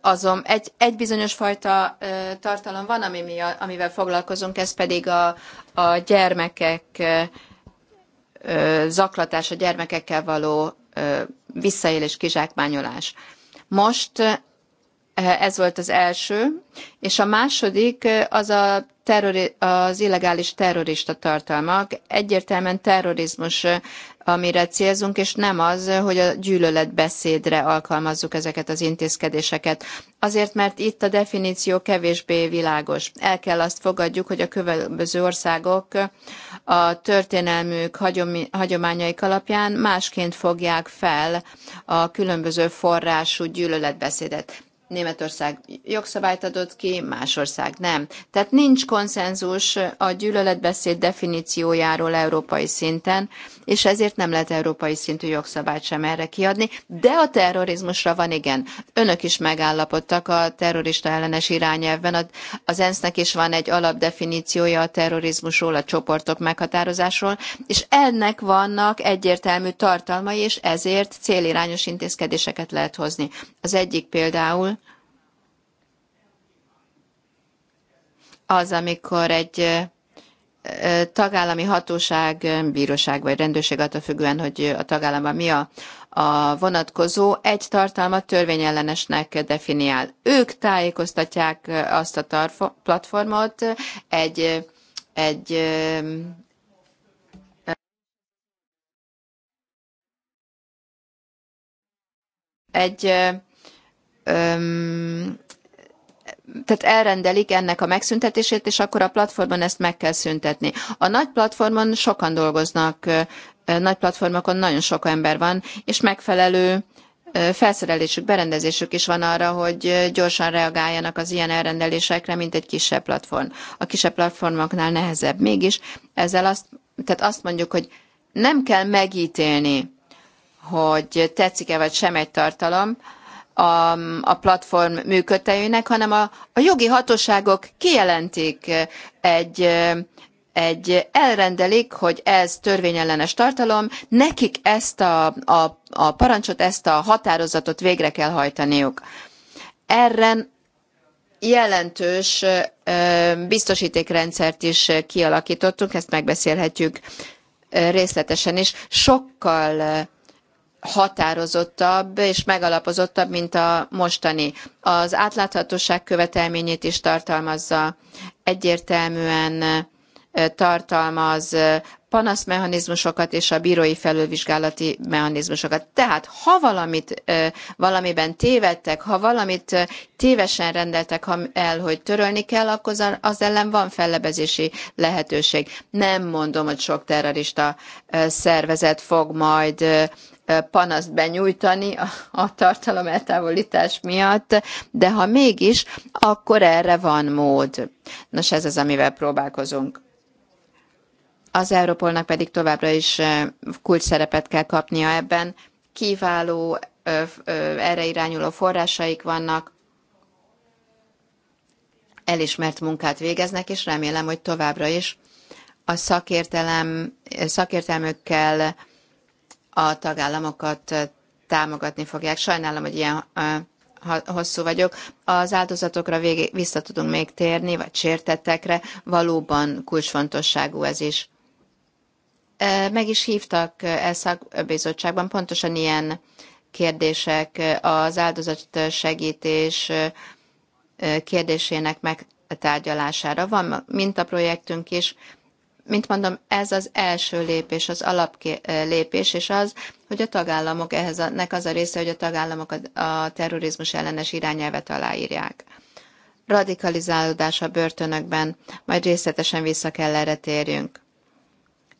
azon egy, egy bizonyos fajta tartalom van, ami mi, amivel foglalkozunk, ez pedig a, a gyermekek zaklatása, gyermekekkel való visszaélés, kizsákmányolás. Most ez volt az első, és a második az a terrori, az illegális terrorista tartalmak, egyértelműen terrorizmus amire célzunk, és nem az, hogy a gyűlöletbeszédre alkalmazzuk ezeket az intézkedéseket. Azért, mert itt a definíció kevésbé világos. El kell azt fogadjuk, hogy a különböző országok a történelmük hagyományaik alapján másként fogják fel a különböző forrású gyűlöletbeszédet. Németország jogszabályt adott ki, más ország nem. Tehát nincs konszenzus a gyűlöletbeszéd definíciójáról európai szinten, és ezért nem lehet európai szintű jogszabályt sem erre kiadni, de a terrorizmusra van igen. Önök is megállapodtak a terrorista ellenes irányelven, az ENSZ-nek is van egy alapdefiníciója a terrorizmusról, a csoportok meghatározásról, és ennek vannak egyértelmű tartalmai, és ezért célirányos intézkedéseket lehet hozni. Az egyik például az, amikor egy tagállami hatóság, bíróság vagy rendőrség, attól függően, hogy a tagállamban mi a, a vonatkozó, egy tartalmat törvényellenesnek definiál. Ők tájékoztatják azt a tarfo- platformot egy, egy egy tehát elrendelik ennek a megszüntetését, és akkor a platformon ezt meg kell szüntetni. A nagy platformon sokan dolgoznak, nagy platformokon nagyon sok ember van, és megfelelő felszerelésük, berendezésük is van arra, hogy gyorsan reagáljanak az ilyen elrendelésekre, mint egy kisebb platform. A kisebb platformoknál nehezebb. Mégis ezzel azt, tehát azt mondjuk, hogy nem kell megítélni, hogy tetszik-e vagy sem egy tartalom, a, a platform működtetőinek, hanem a, a jogi hatóságok kijelentik egy, egy elrendelik, hogy ez törvényellenes tartalom, nekik ezt a, a, a parancsot, ezt a határozatot végre kell hajtaniuk. Erre jelentős biztosítékrendszert is kialakítottunk, ezt megbeszélhetjük részletesen is. Sokkal határozottabb és megalapozottabb, mint a mostani. Az átláthatóság követelményét is tartalmazza, egyértelműen tartalmaz panaszmechanizmusokat és a bírói felülvizsgálati mechanizmusokat. Tehát ha valamit valamiben tévedtek, ha valamit tévesen rendeltek el, hogy törölni kell, akkor az ellen van fellebezési lehetőség. Nem mondom, hogy sok terrorista szervezet fog majd panaszt benyújtani a tartalom eltávolítás miatt, de ha mégis, akkor erre van mód. Nos, ez az, amivel próbálkozunk. Az Európolnak pedig továbbra is kulcs szerepet kell kapnia ebben. Kiváló erre irányuló forrásaik vannak, elismert munkát végeznek, és remélem, hogy továbbra is a szakértelem, szakértelmükkel a tagállamokat támogatni fogják. Sajnálom, hogy ilyen hosszú vagyok. Az áldozatokra végig vissza tudunk még térni, vagy sértettekre. Valóban kulcsfontosságú ez is. Meg is hívtak ESZAK bizottságban pontosan ilyen kérdések, az áldozat segítés kérdésének megtárgyalására. Van mintaprojektünk is, mint mondom, ez az első lépés, az alaplépés, és az, hogy a tagállamok ehhez a, nek az a része, hogy a tagállamok a, a terrorizmus ellenes irányelvet aláírják. Radikalizálódás a börtönökben, majd részletesen vissza kell erre térjünk.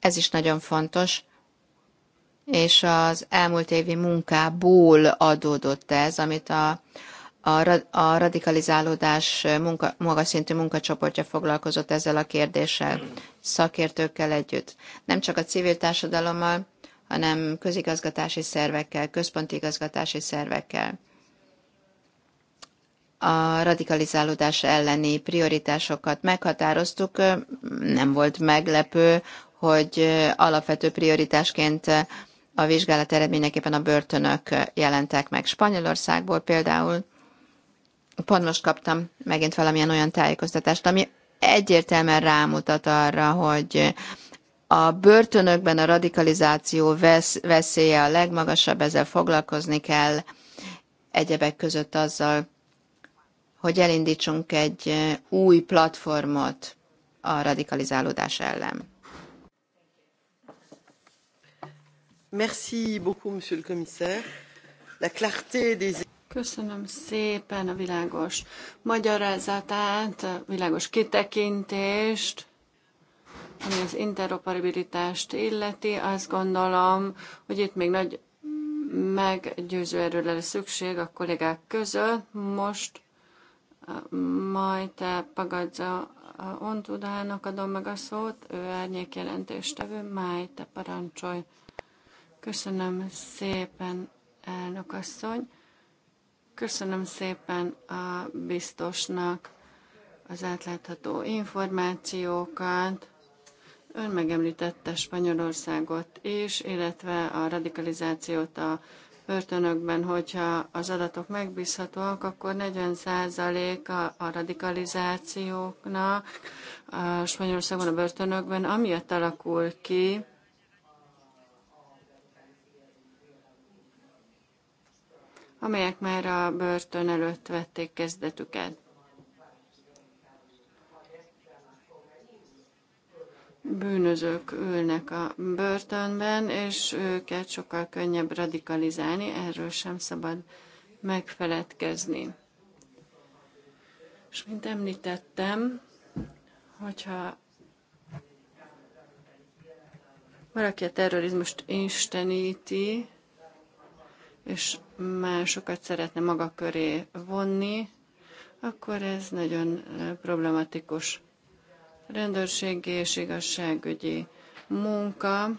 Ez is nagyon fontos, és az elmúlt évi munkából adódott ez, amit a, a, a radikalizálódás munka, magas szintű munkacsoportja foglalkozott ezzel a kérdéssel szakértőkkel együtt. Nem csak a civil társadalommal, hanem közigazgatási szervekkel, központi igazgatási szervekkel. A radikalizálódás elleni prioritásokat meghatároztuk, nem volt meglepő, hogy alapvető prioritásként a vizsgálat eredményeképpen a börtönök jelentek meg Spanyolországból például pont most kaptam megint valamilyen olyan tájékoztatást, ami egyértelműen rámutat arra, hogy a börtönökben a radikalizáció vesz, veszélye a legmagasabb, ezzel foglalkozni kell, egyebek között azzal, hogy elindítsunk egy új platformot a radikalizálódás ellen. Merci beaucoup, monsieur le commissaire. La clarté des... Köszönöm szépen a világos magyarázatát, a világos kitekintést, ami az interoperabilitást illeti. Azt gondolom, hogy itt még nagy meggyőző erőre szükség a kollégák között. Most majd te Pagadza Ontudának adom meg a szót, ő árnyék jelentéstevő, máj te parancsolj. Köszönöm szépen, elnök asszony. Köszönöm szépen a biztosnak az átlátható információkat. Ön megemlítette Spanyolországot is, illetve a radikalizációt a börtönökben, hogyha az adatok megbízhatóak, akkor 40% a, a radikalizációknak a Spanyolországban a börtönökben amiatt alakul ki, amelyek már a börtön előtt vették kezdetüket. Bűnözők ülnek a börtönben, és őket sokkal könnyebb radikalizálni, erről sem szabad megfeledkezni. És mint említettem, hogyha valaki a terrorizmust isteníti, és másokat szeretne maga köré vonni, akkor ez nagyon problematikus. Rendőrségi és igazságügyi munka.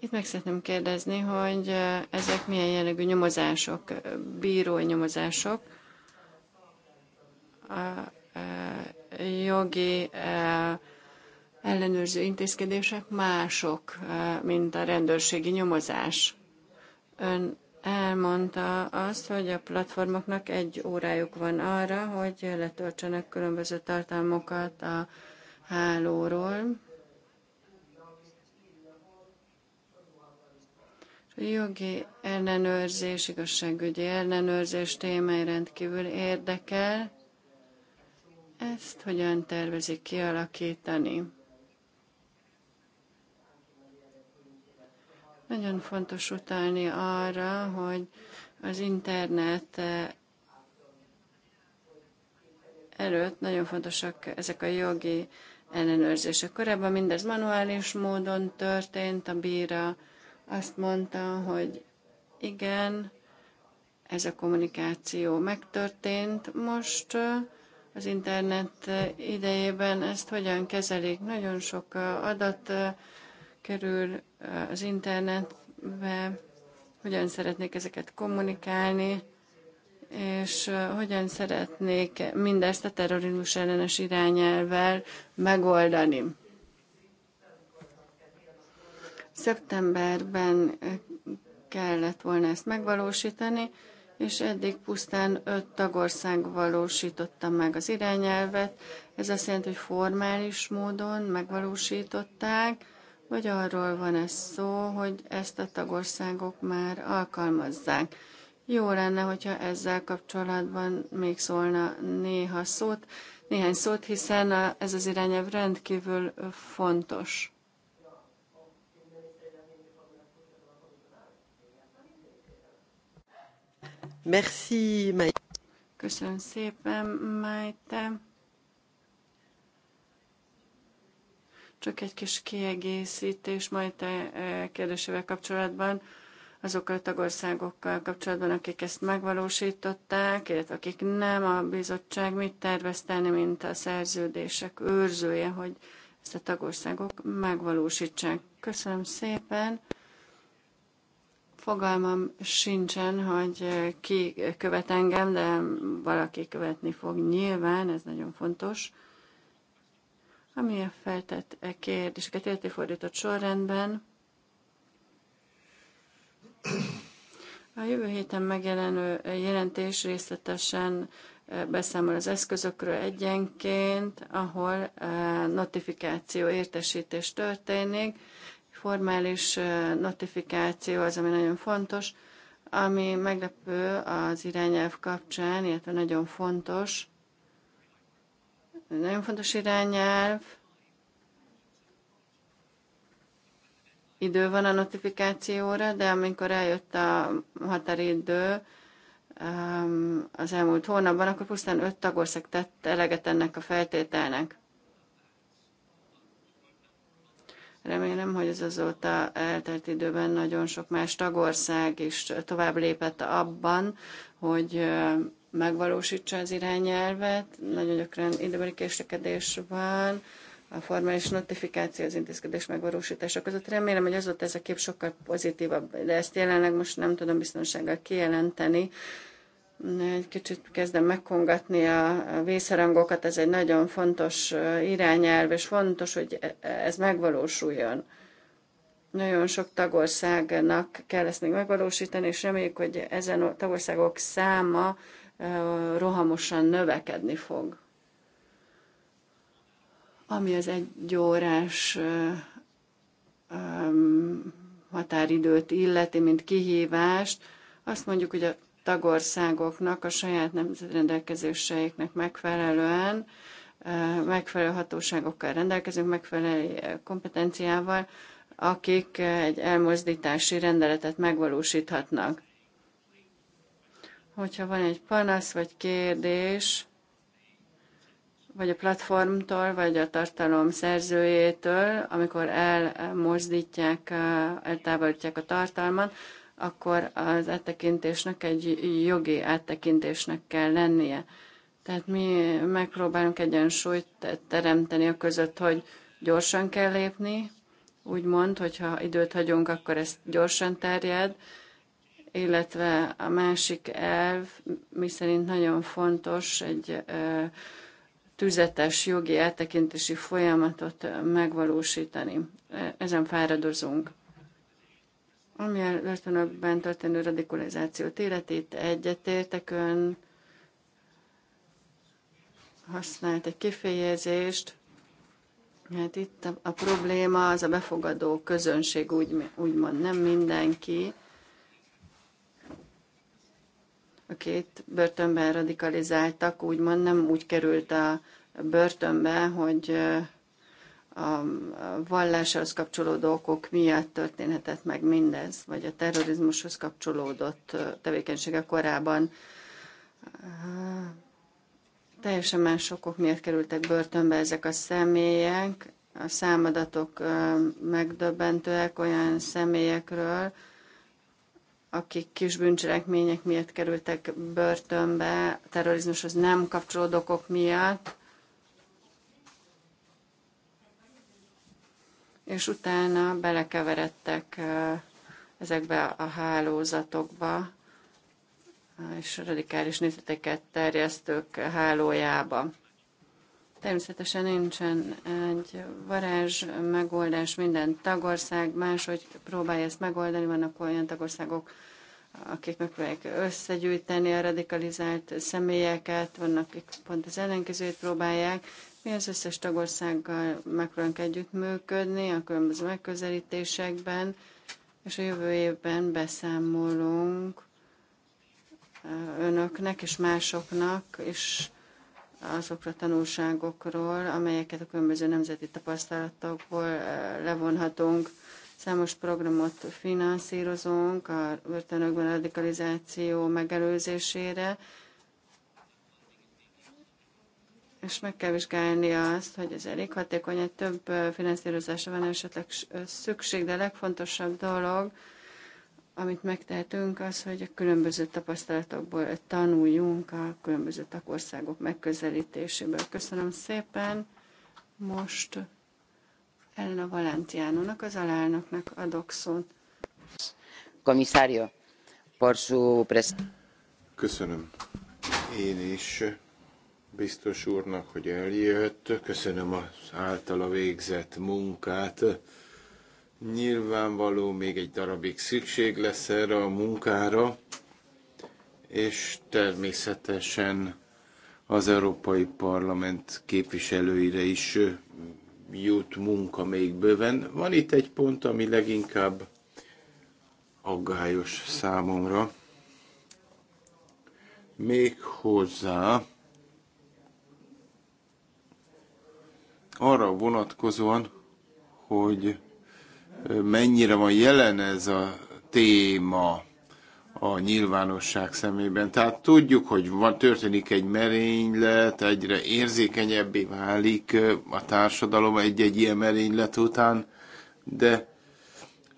Itt meg szeretném kérdezni, hogy ezek milyen jellegű nyomozások, bírói nyomozások, a jogi ellenőrző intézkedések mások, eh, mint a rendőrségi nyomozás. Ön elmondta azt, hogy a platformoknak egy órájuk van arra, hogy letöltsenek különböző tartalmokat a hálóról. A jogi ellenőrzés, igazságügyi ellenőrzés témáj rendkívül érdekel. Ezt hogyan tervezik kialakítani? Nagyon fontos utalni arra, hogy az internet eh, előtt nagyon fontosak ezek a jogi ellenőrzések. Korábban mindez manuális módon történt, a bíra azt mondta, hogy igen, ez a kommunikáció megtörtént. Most eh, az internet eh, idejében ezt hogyan kezelik? Nagyon sok adat kerül eh, az internetbe, hogyan szeretnék ezeket kommunikálni, és eh, hogyan szeretnék mindezt a terrorizmus ellenes irányelvel megoldani. Szeptemberben eh, kellett volna ezt megvalósítani, és eddig pusztán öt tagország valósította meg az irányelvet. Ez azt jelenti, hogy formális módon megvalósították, vagy arról van ez szó, hogy ezt a tagországok már alkalmazzák. Jó lenne, hogyha ezzel kapcsolatban még szólna néha szót, néhány szót, hiszen a, ez az irányelv rendkívül fontos. Merci, Köszönöm szépen, Maite. Csak egy kis kiegészítés majd a e, kérdésével kapcsolatban azokkal a tagországokkal kapcsolatban, akik ezt megvalósították, illetve akik nem, a bizottság mit tervez tenni, mint a szerződések őrzője, hogy ezt a tagországok megvalósítsák. Köszönöm szépen! Fogalmam sincsen, hogy e, ki követ engem, de valaki követni fog nyilván, ez nagyon fontos ami a feltett e kérdéseket illeti fordított sorrendben. A jövő héten megjelenő jelentés részletesen e, beszámol az eszközökről egyenként, ahol e, notifikáció, értesítés történik. Formális notifikáció az, ami nagyon fontos, ami meglepő az irányelv kapcsán, illetve nagyon fontos, nagyon fontos irányelv. Idő van a notifikációra, de amikor eljött a határidő um, az elmúlt hónapban, akkor pusztán öt tagország tett eleget ennek a feltételnek. Remélem, hogy ez azóta eltelt időben nagyon sok más tagország is tovább lépett abban, hogy megvalósítsa az irányelvet. Nagyon gyakran időbeli késlekedés van, a formális notifikáció az intézkedés megvalósítása között. Remélem, hogy azóta ez a kép sokkal pozitívabb, de ezt jelenleg most nem tudom biztonsággal kijelenteni. Egy kicsit kezdem megkongatni a vészharangokat, ez egy nagyon fontos irányelv, és fontos, hogy e, e, ez megvalósuljon. Nagyon sok tagországnak kell ezt még megvalósítani, és reméljük, hogy ezen tagországok száma rohamosan növekedni fog. Ami az egy órás határidőt illeti, mint kihívást, azt mondjuk, hogy a tagországoknak a saját nemzetrendelkezéseiknek megfelelően megfelelő hatóságokkal rendelkezünk, megfelelő kompetenciával, akik egy elmozdítási rendeletet megvalósíthatnak hogyha van egy panasz vagy kérdés, vagy a platformtól, vagy a tartalom szerzőjétől, amikor elmozdítják, eltávolítják a tartalmat, akkor az áttekintésnek egy jogi áttekintésnek kell lennie. Tehát mi megpróbálunk egyensúlyt teremteni a között, hogy gyorsan kell lépni, úgymond, hogyha időt hagyunk, akkor ez gyorsan terjed, illetve a másik elv, miszerint nagyon fontos egy tüzetes jogi eltekintési folyamatot megvalósítani. Ezen fáradozunk. Ami a börtönökben történő radikalizációt életét egyetértek ön, használt egy kifejezést, Hát itt a, a probléma az a befogadó közönség, úgy, úgymond nem mindenki, a két börtönben radikalizáltak, úgymond nem úgy került a börtönbe, hogy a valláshoz kapcsolódó okok miatt történhetett meg mindez, vagy a terrorizmushoz kapcsolódott tevékenysége korában teljesen más okok miatt kerültek börtönbe ezek a személyek. A számadatok megdöbbentőek olyan személyekről, akik kis bűncselekmények miatt kerültek börtönbe, a terrorizmushoz nem kapcsolódókok miatt, és utána belekeveredtek ezekbe a hálózatokba, és radikális nézeteket terjesztők hálójába. Természetesen nincsen egy varázs megoldás, minden tagország máshogy próbálja ezt megoldani, vannak olyan tagországok, akik megpróbálják összegyűjteni a radikalizált személyeket, vannak, akik pont az ellenkezőjét próbálják. Mi az összes tagországgal megpróbálunk együttműködni a különböző megközelítésekben, és a jövő évben beszámolunk önöknek és másoknak, és azokra a tanulságokról, amelyeket a különböző nemzeti tapasztalatokból levonhatunk. Számos programot finanszírozunk a börtönökben radikalizáció megelőzésére, és meg kell vizsgálni azt, hogy ez elég hatékony, egy több finanszírozása van esetleg szükség, de a legfontosabb dolog, amit megtehetünk, az, hogy a különböző tapasztalatokból tanuljunk a különböző tagországok megközelítéséből. Köszönöm szépen. Most Elena Valentiánónak, az alelnöknek adok szót. Komisszárja, por Presz. Köszönöm. Én is biztos úrnak, hogy eljött. Köszönöm az általa végzett munkát Nyilvánvaló még egy darabig szükség lesz erre a munkára, és természetesen az Európai Parlament képviselőire is jut munka még bőven. Van itt egy pont, ami leginkább aggályos számomra. Még hozzá arra vonatkozóan, hogy mennyire van jelen ez a téma a nyilvánosság szemében. Tehát tudjuk, hogy van, történik egy merénylet, egyre érzékenyebbé válik a társadalom egy-egy ilyen merénylet után, de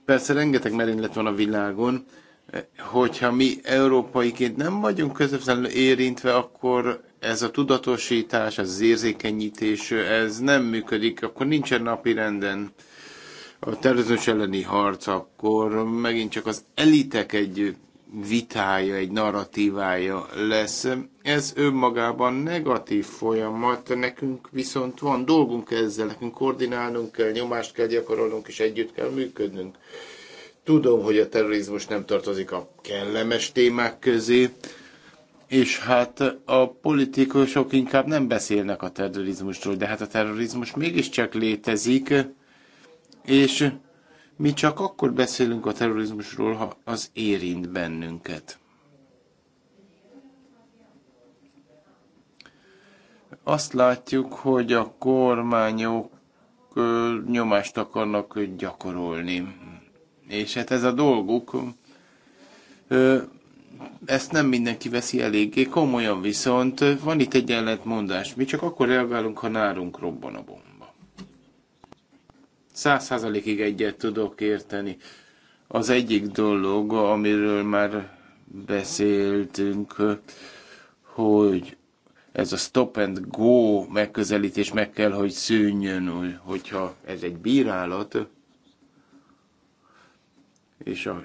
persze rengeteg merénylet van a világon, hogyha mi európaiként nem vagyunk közvetlenül érintve, akkor ez a tudatosítás, ez az érzékenyítés, ez nem működik, akkor nincsen napi renden a terrorizmus elleni harc, akkor megint csak az elitek egy vitája, egy narratívája lesz. Ez önmagában negatív folyamat, nekünk viszont van dolgunk ezzel, nekünk koordinálnunk kell, nyomást kell gyakorolnunk, és együtt kell működnünk. Tudom, hogy a terrorizmus nem tartozik a kellemes témák közé, és hát a politikusok inkább nem beszélnek a terrorizmusról, de hát a terrorizmus mégiscsak létezik, és mi csak akkor beszélünk a terrorizmusról, ha az érint bennünket. Azt látjuk, hogy a kormányok nyomást akarnak gyakorolni. És hát ez a dolguk, ezt nem mindenki veszi eléggé komolyan, viszont van itt egy ellentmondás. Mi csak akkor reagálunk, ha nálunk robban a bomb. Száz százalékig egyet tudok érteni. Az egyik dolog, amiről már beszéltünk, hogy ez a stop and go megközelítés meg kell, hogy szűnjön, hogyha ez egy bírálat, és a,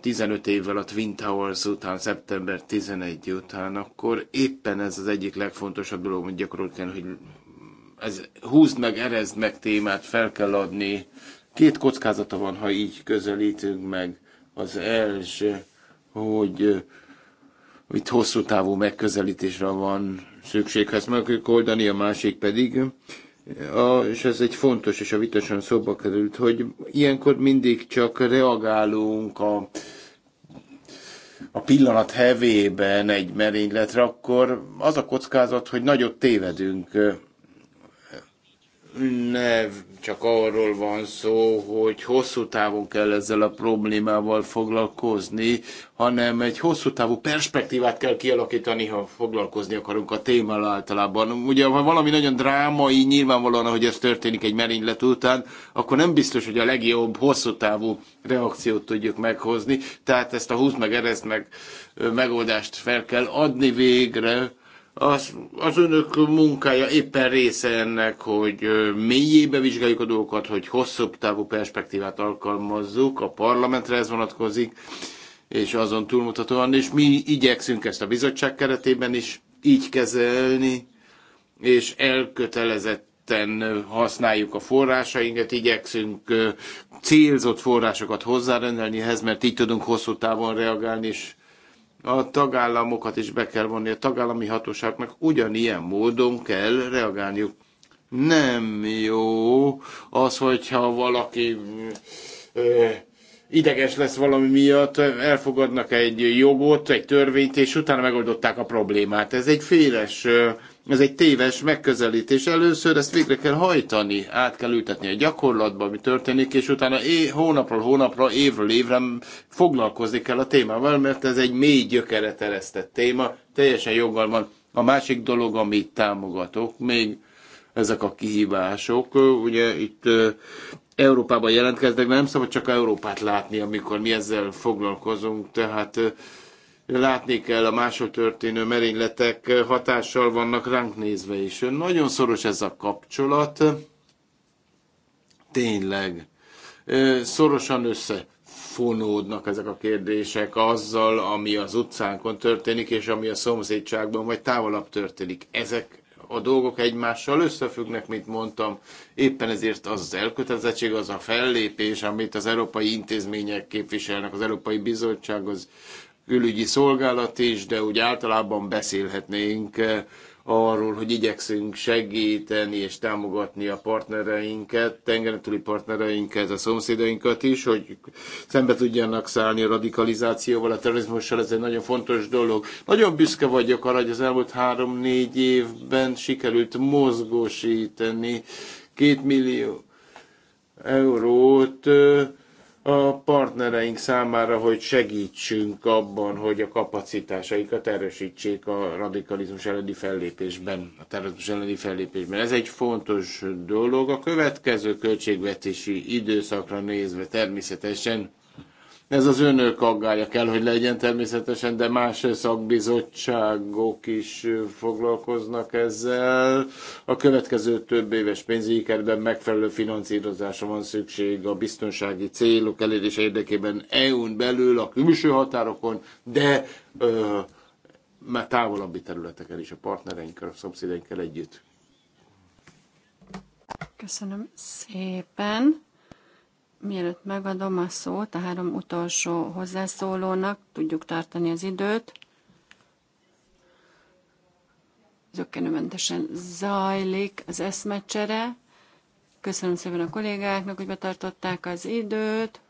15 évvel a Twin Towers után, szeptember 11 után, akkor éppen ez az egyik legfontosabb dolog, amit gyakorlatilag. kell, hogy ez húzd meg, erezd meg témát fel kell adni. Két kockázata van, ha így közelítünk meg. Az első, hogy itt hosszú távú megközelítésre van szükség, ezt meg kell oldani, a másik pedig, a, és ez egy fontos, és a vitason szóba került, hogy ilyenkor mindig csak reagálunk a, a pillanat hevében egy merényletre, akkor az a kockázat, hogy nagyot tévedünk ne csak arról van szó, hogy hosszú távon kell ezzel a problémával foglalkozni, hanem egy hosszú távú perspektívát kell kialakítani, ha foglalkozni akarunk a témával általában. Ugye, ha valami nagyon drámai, nyilvánvalóan, hogy ez történik egy merénylet után, akkor nem biztos, hogy a legjobb hosszú távú reakciót tudjuk meghozni. Tehát ezt a 20 meg ereszt meg megoldást fel kell adni végre, az, az önök munkája éppen része ennek, hogy mélyébe vizsgáljuk a dolgokat, hogy hosszabb távú perspektívát alkalmazzuk, a parlamentre ez vonatkozik, és azon túlmutatóan, és mi igyekszünk ezt a bizottság keretében is így kezelni, és elkötelezetten használjuk a forrásainkat, igyekszünk célzott forrásokat hozzárendelni ehhez, mert így tudunk hosszú távon reagálni, és a tagállamokat is be kell vonni, a tagállami hatóságnak ugyanilyen módon kell reagálniuk. Nem jó az, hogyha valaki ö, ideges lesz valami miatt, elfogadnak egy jogot, egy törvényt, és utána megoldották a problémát. Ez egy féles ez egy téves megközelítés. Először ezt végre kell hajtani, át kell ültetni a gyakorlatba, ami történik, és utána é- hónapról hónapra, évről évre foglalkozni kell a témával, mert ez egy mély gyökere teresztett téma, teljesen joggal van. A másik dolog, amit támogatok, még ezek a kihívások, ugye itt Európában jelentkeznek, nem szabad csak Európát látni, amikor mi ezzel foglalkozunk, tehát látni kell, a máshol történő merényletek hatással vannak ránk nézve is. Nagyon szoros ez a kapcsolat, tényleg. Szorosan összefonódnak ezek a kérdések azzal, ami az utcánkon történik, és ami a szomszédságban vagy távolabb történik. Ezek a dolgok egymással összefüggnek, mint mondtam. Éppen ezért az az elkötelezettség, az a fellépés, amit az európai intézmények képviselnek, az Európai Bizottság, az külügyi szolgálat is, de úgy általában beszélhetnénk eh, arról, hogy igyekszünk segíteni és támogatni a partnereinket, tengeren túli partnereinket, a szomszédainkat is, hogy szembe tudjanak szállni a radikalizációval, a terrorizmussal, ez egy nagyon fontos dolog. Nagyon büszke vagyok arra, hogy az elmúlt három-négy évben sikerült mozgósítani két millió eurót, eh, a partnereink számára, hogy segítsünk abban, hogy a kapacitásaikat erősítsék a radikalizmus elleni fellépésben, a terrorizmus elleni fellépésben. Ez egy fontos dolog. A következő költségvetési időszakra nézve természetesen ez az önök aggája kell, hogy legyen természetesen, de más szakbizottságok is foglalkoznak ezzel. A következő több éves pénzügyi kerben megfelelő finanszírozásra van szükség a biztonsági célok elérése érdekében EU-n belül, a külső határokon, de ö, már távolabbi területeken is a partnereinkkel, a szomszédeinkkel együtt. Köszönöm szépen. Mielőtt megadom a szót a három utolsó hozzászólónak, tudjuk tartani az időt. Zökkenőmentesen zajlik az eszmecsere. Köszönöm szépen a kollégáknak, hogy betartották az időt.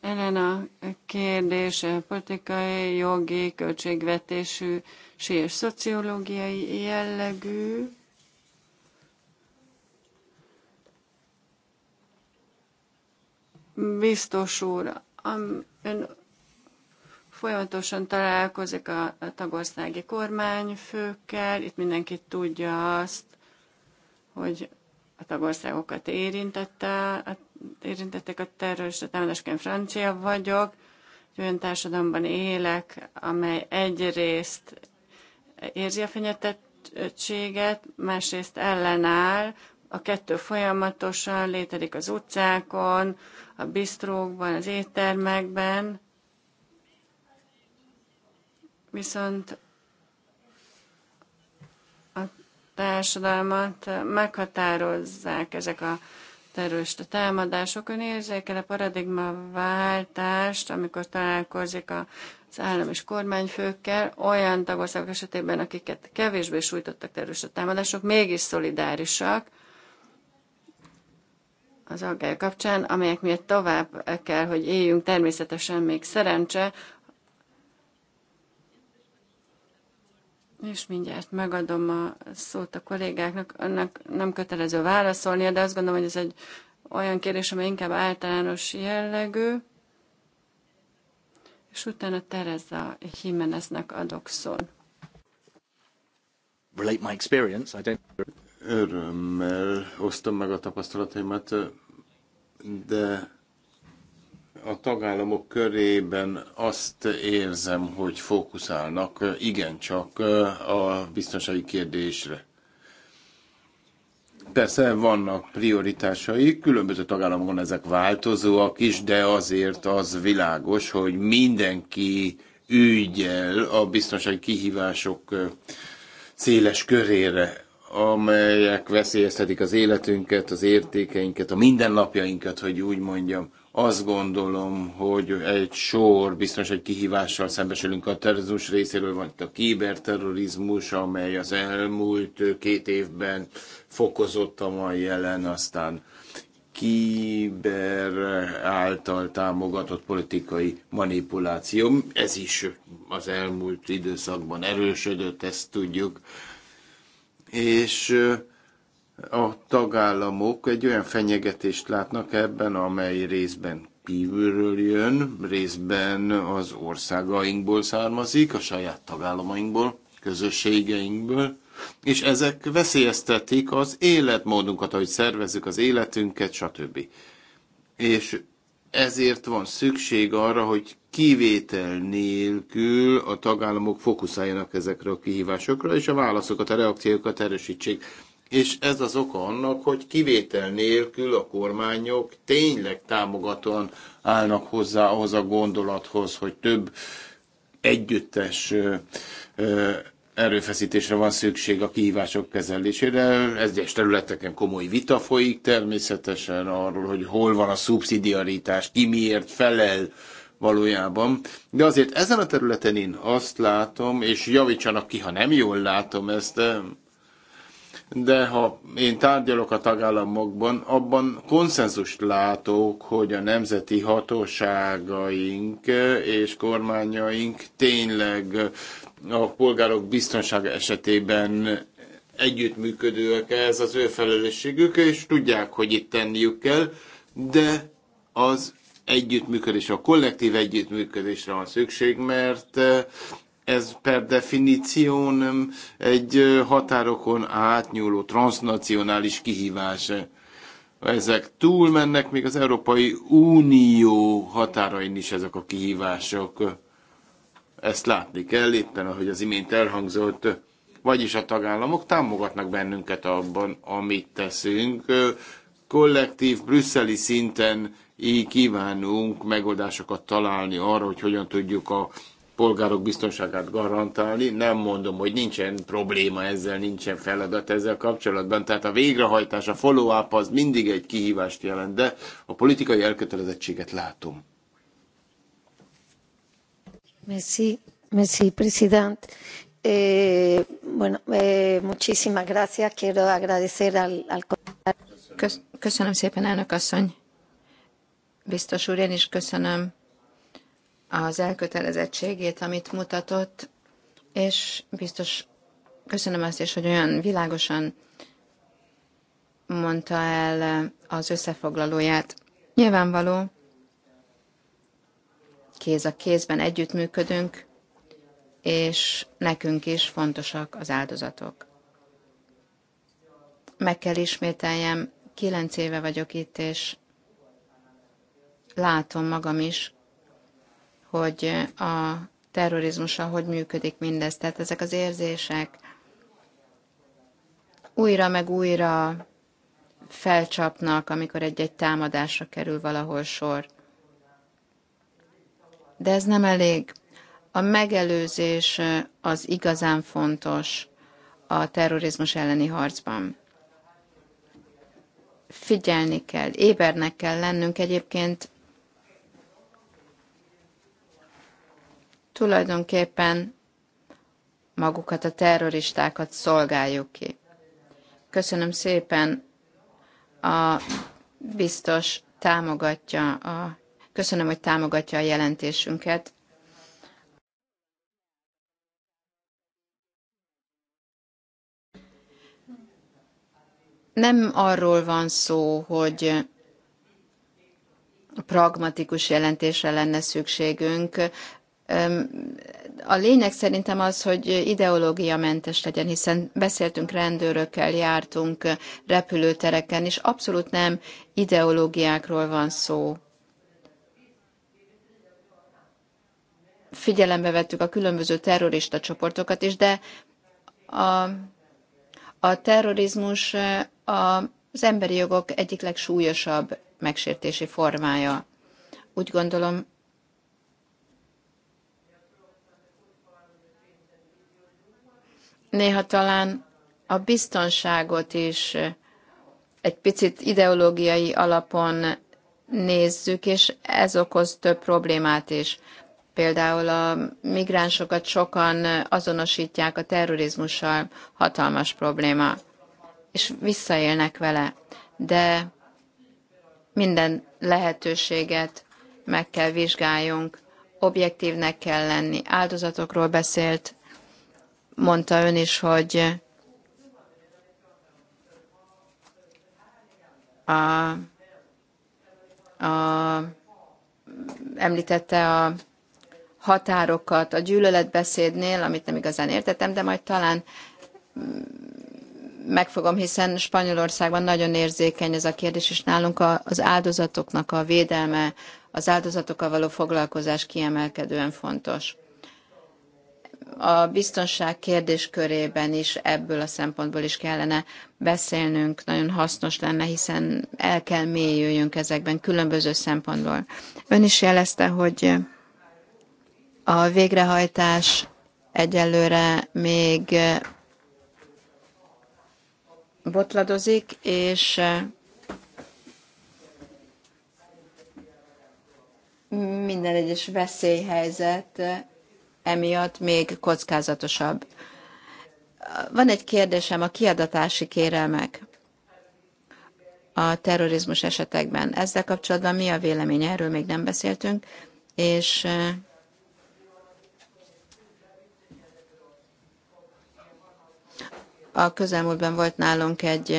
Ellen a kérdés politikai, jogi, költségvetésű és szociológiai jellegű. Biztos úr, ön folyamatosan találkozik a, a tagországi kormányfőkkel, itt mindenki tudja azt, hogy a tagországokat érintette, a, érintettek a terrorista támadásként francia vagyok, egy olyan társadalomban élek, amely egyrészt érzi a fenyetettséget, másrészt ellenáll, a kettő folyamatosan létezik az utcákon, a bistrókban, az éttermekben, viszont a társadalmat meghatározzák ezek a a támadások. Ön érzékel a paradigmaváltást, amikor találkozik az állam és kormányfőkkel, olyan tagországok esetében, akiket kevésbé sújtottak terrorista támadások, mégis szolidárisak, az aggály kapcsán, amelyek miatt tovább kell, hogy éljünk. Természetesen még szerencse, És mindjárt megadom a szót a kollégáknak. Önnek nem kötelező válaszolnia, de azt gondolom, hogy ez egy olyan kérdés, amely inkább általános jellegű. És utána Tereza Jimeneznek adok szót. Relate my experience. I don't örömmel osztom meg a tapasztalataimat, de a tagállamok körében azt érzem, hogy fókuszálnak igencsak a biztonsági kérdésre. Persze vannak prioritásai, különböző tagállamokon ezek változóak is, de azért az világos, hogy mindenki ügyel a biztonsági kihívások széles körére amelyek veszélyeztetik az életünket, az értékeinket, a mindennapjainkat, hogy úgy mondjam. Azt gondolom, hogy egy sor biztos egy kihívással szembesülünk a terrorizmus részéről, van itt a kiberterrorizmus, amely az elmúlt két évben fokozottan mai jelen, aztán kiber által támogatott politikai manipuláció. Ez is az elmúlt időszakban erősödött, ezt tudjuk és a tagállamok egy olyan fenyegetést látnak ebben, amely részben kívülről jön, részben az országainkból származik, a saját tagállamainkból, közösségeinkből, és ezek veszélyeztetik az életmódunkat, ahogy szervezzük az életünket, stb. És ezért van szükség arra, hogy kivétel nélkül a tagállamok fókuszáljanak ezekre a kihívásokra, és a válaszokat, a reakciókat erősítsék. És ez az oka annak, hogy kivétel nélkül a kormányok tényleg támogatóan állnak hozzá ahhoz a gondolathoz, hogy több együttes erőfeszítésre van szükség a kihívások kezelésére. Egyes területeken komoly vita folyik természetesen arról, hogy hol van a szubszidiaritás, ki miért felel valójában. De azért ezen a területen én azt látom, és javítsanak ki, ha nem jól látom ezt, de ha én tárgyalok a tagállamokban, abban konszenzust látok, hogy a nemzeti hatóságaink és kormányaink tényleg a polgárok biztonsága esetében együttműködőek, ez az ő felelősségük, és tudják, hogy itt tenniük kell, de az együttműködés, a kollektív együttműködésre van szükség, mert eh, ez per definíció nem egy eh, határokon átnyúló transnacionális kihívás. Ezek túlmennek még az Európai Unió határain is ezek a kihívások ezt látni kell éppen, ahogy az imént elhangzott, vagyis a tagállamok támogatnak bennünket abban, amit teszünk. Kollektív, brüsszeli szinten így kívánunk megoldásokat találni arra, hogy hogyan tudjuk a polgárok biztonságát garantálni. Nem mondom, hogy nincsen probléma ezzel, nincsen feladat ezzel kapcsolatban. Tehát a végrehajtás, a follow-up az mindig egy kihívást jelent, de a politikai elkötelezettséget látom señor presidente. Eh, bueno, eh, muchísimas gracias. Quiero agradecer al, al... köszönöm szépen, elnök asszony. Biztos úr, én is köszönöm az elkötelezettségét, amit mutatott, és biztos köszönöm azt is, hogy olyan világosan mondta el az összefoglalóját. Nyilvánvaló, kéz a kézben együttműködünk, és nekünk is fontosak az áldozatok. Meg kell ismételjem, kilenc éve vagyok itt, és látom magam is, hogy a terrorizmusa hogy működik mindez. Tehát ezek az érzések újra meg újra felcsapnak, amikor egy-egy támadásra kerül valahol sor. De ez nem elég. A megelőzés az igazán fontos a terrorizmus elleni harcban. Figyelni kell, ébernek kell lennünk egyébként. Tulajdonképpen magukat, a terroristákat szolgáljuk ki. Köszönöm szépen, a biztos támogatja a Köszönöm, hogy támogatja a jelentésünket. Nem arról van szó, hogy pragmatikus jelentésre lenne szükségünk. A lényeg szerintem az, hogy ideológia mentes legyen, hiszen beszéltünk rendőrökkel, jártunk repülőtereken, és abszolút nem ideológiákról van szó. figyelembe vettük a különböző terrorista csoportokat is, de a, a terrorizmus a, az emberi jogok egyik legsúlyosabb megsértési formája. Úgy gondolom, néha talán a biztonságot is egy picit ideológiai alapon nézzük, és ez okoz több problémát is. Például a migránsokat sokan azonosítják a terrorizmussal, hatalmas probléma, és visszaélnek vele. De minden lehetőséget meg kell vizsgáljunk, objektívnek kell lenni. Áldozatokról beszélt, mondta ön is, hogy a, a, említette a határokat a gyűlöletbeszédnél, amit nem igazán értettem, de majd talán mm, megfogom, hiszen Spanyolországban nagyon érzékeny ez a kérdés, és nálunk az áldozatoknak a védelme, az áldozatokkal való foglalkozás kiemelkedően fontos. A biztonság kérdéskörében is ebből a szempontból is kellene beszélnünk, nagyon hasznos lenne, hiszen el kell mélyüljünk ezekben különböző szempontból. Ön is jelezte, hogy a végrehajtás egyelőre még eh, botladozik, és eh, minden egyes veszélyhelyzet eh, emiatt még kockázatosabb. Van egy kérdésem a kiadatási kérelmek a terrorizmus esetekben. Ezzel kapcsolatban mi a vélemény? Erről még nem beszéltünk, és A közelmúltban volt nálunk egy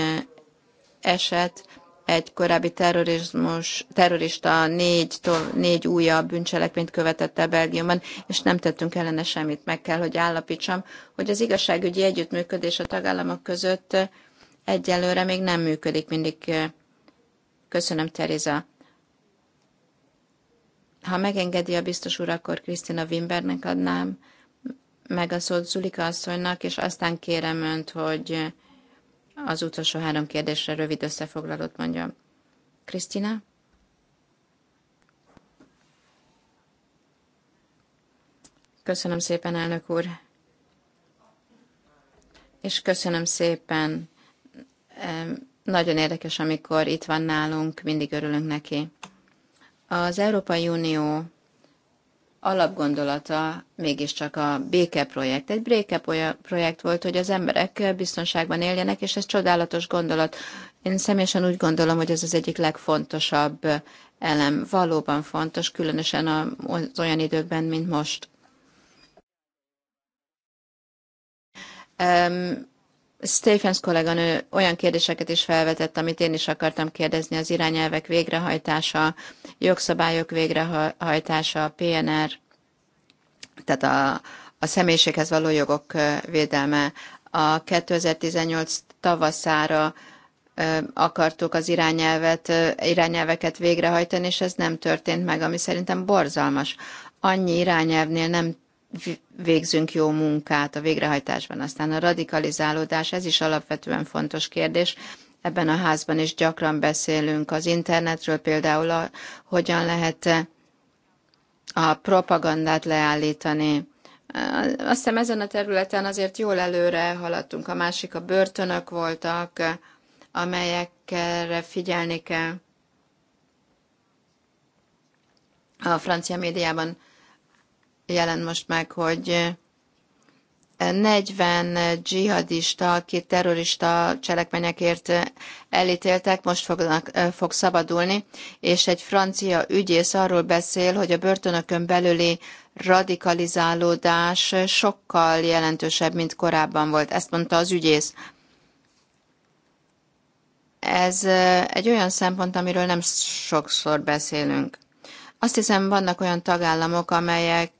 eset, egy korábbi terrorizmus, terrorista négy, négy újabb bűncselekményt követett Belgiumban, és nem tettünk ellene semmit. Meg kell, hogy állapítsam, hogy az igazságügyi együttműködés a tagállamok között egyelőre még nem működik mindig. Köszönöm, Teriza. Ha megengedi a biztos úr, akkor Krisztina Wimbernek adnám meg a szót Zulika asszonynak, és aztán kérem önt, hogy az utolsó három kérdésre rövid összefoglalót mondjam. Krisztina? Köszönöm szépen, elnök úr. És köszönöm szépen. Nagyon érdekes, amikor itt van nálunk, mindig örülünk neki. Az Európai Unió alapgondolata mégiscsak a békeprojekt. Egy békeprojekt volt, hogy az emberek biztonságban éljenek, és ez csodálatos gondolat. Én személyesen úgy gondolom, hogy ez az egyik legfontosabb elem. Valóban fontos, különösen az olyan időkben, mint most. Stephens kolléganő olyan kérdéseket is felvetett, amit én is akartam kérdezni, az irányelvek végrehajtása, jogszabályok végrehajtása, a PNR, tehát a, a személyiséghez való jogok védelme. A 2018 tavaszára akartuk az irányelvet, irányelveket végrehajtani, és ez nem történt meg, ami szerintem borzalmas. Annyi irányelvnél nem végzünk jó munkát a végrehajtásban. Aztán a radikalizálódás, ez is alapvetően fontos kérdés. Ebben a házban is gyakran beszélünk az internetről, például a, hogyan lehet a propagandát leállítani. Azt hiszem ezen a területen azért jól előre haladtunk. A másik a börtönök voltak, amelyekre figyelni kell. A francia médiában jelent most meg, hogy 40 eh, eh, dzsihadista, aki terrorista cselekményekért eh, elítéltek, most fognak, fog szabadulni, és egy francia ügyész arról beszél, hogy a börtönökön belüli radikalizálódás sokkal jelentősebb, mint korábban volt. Ezt mondta az ügyész. Ez egy olyan szempont, amiről nem sokszor beszélünk. Azt hiszem, vannak olyan tagállamok, amelyek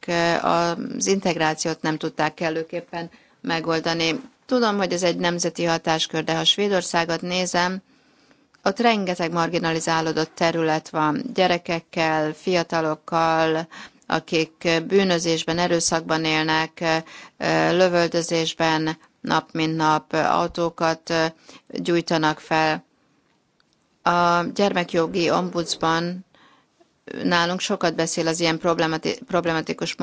az integrációt nem tudták kellőképpen megoldani. Tudom, hogy ez egy nemzeti hatáskör, de ha Svédországot nézem, ott rengeteg marginalizálódott terület van, gyerekekkel, fiatalokkal, akik bűnözésben, erőszakban élnek, lövöldözésben nap mint nap autókat gyújtanak fel. A gyermekjogi ombudsman nálunk sokat beszél az ilyen problematikus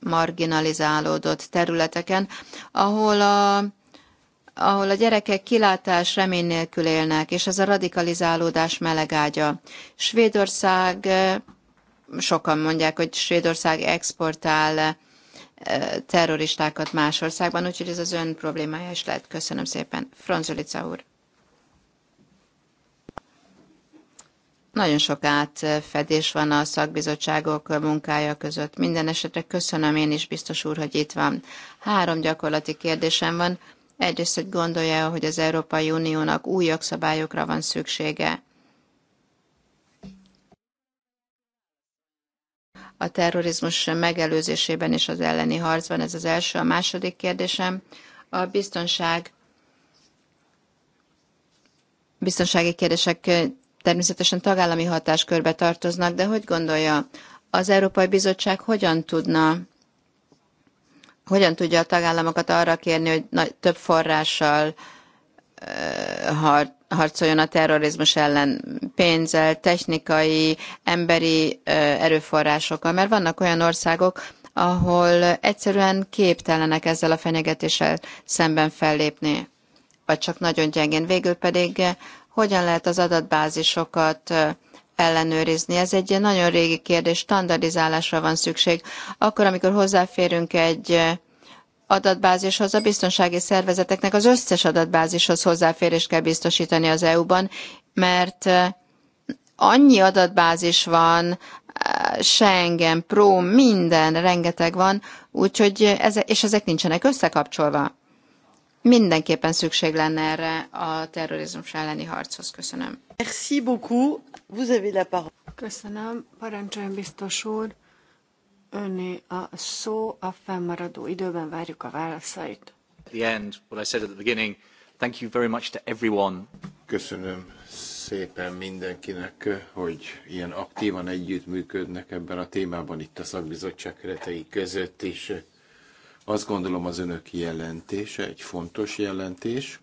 marginalizálódott területeken, ahol a, ahol a gyerekek kilátás remény nélkül élnek, és ez a radikalizálódás melegágya. Svédország, sokan mondják, hogy Svédország exportál terroristákat más országban, úgyhogy ez az ön problémája is lehet. Köszönöm szépen. Franzolica úr. Nagyon sok átfedés van a szakbizottságok munkája között. Minden esetre köszönöm én is, biztos úr, hogy itt van. Három gyakorlati kérdésem van. Egyrészt, hogy gondolja, hogy az Európai Uniónak új jogszabályokra van szüksége. A terrorizmus megelőzésében és az elleni harcban, ez az első. A második kérdésem, a biztonság biztonsági kérdések természetesen tagállami hatáskörbe tartoznak, de hogy gondolja, az Európai Bizottság hogyan tudna, hogyan tudja a tagállamokat arra kérni, hogy nagy, több forrással har, harcoljon a terrorizmus ellen pénzzel, technikai, emberi erőforrásokkal, mert vannak olyan országok, ahol egyszerűen képtelenek ezzel a fenyegetéssel szemben fellépni, vagy csak nagyon gyengén. Végül pedig hogyan lehet az adatbázisokat ellenőrizni. Ez egy nagyon régi kérdés, standardizálásra van szükség. Akkor, amikor hozzáférünk egy adatbázishoz, a biztonsági szervezeteknek az összes adatbázishoz hozzáférést kell biztosítani az EU-ban, mert annyi adatbázis van, Schengen, Pro, minden, rengeteg van, úgyhogy ezek, és ezek nincsenek összekapcsolva. Mindenképpen szükség lenne erre a terrorizmus elleni harchoz. Köszönöm. Merci beaucoup. Vous avez la parole. Köszönöm. Parancsoljon biztos úr. Önné a szó, a fennmaradó időben várjuk a válaszait. The end, what I said at the beginning, thank you very much to everyone. Köszönöm szépen mindenkinek, hogy ilyen aktívan együttműködnek ebben a témában itt a szakbizottság keretei között is. Azt gondolom az önök jelentése egy fontos jelentés,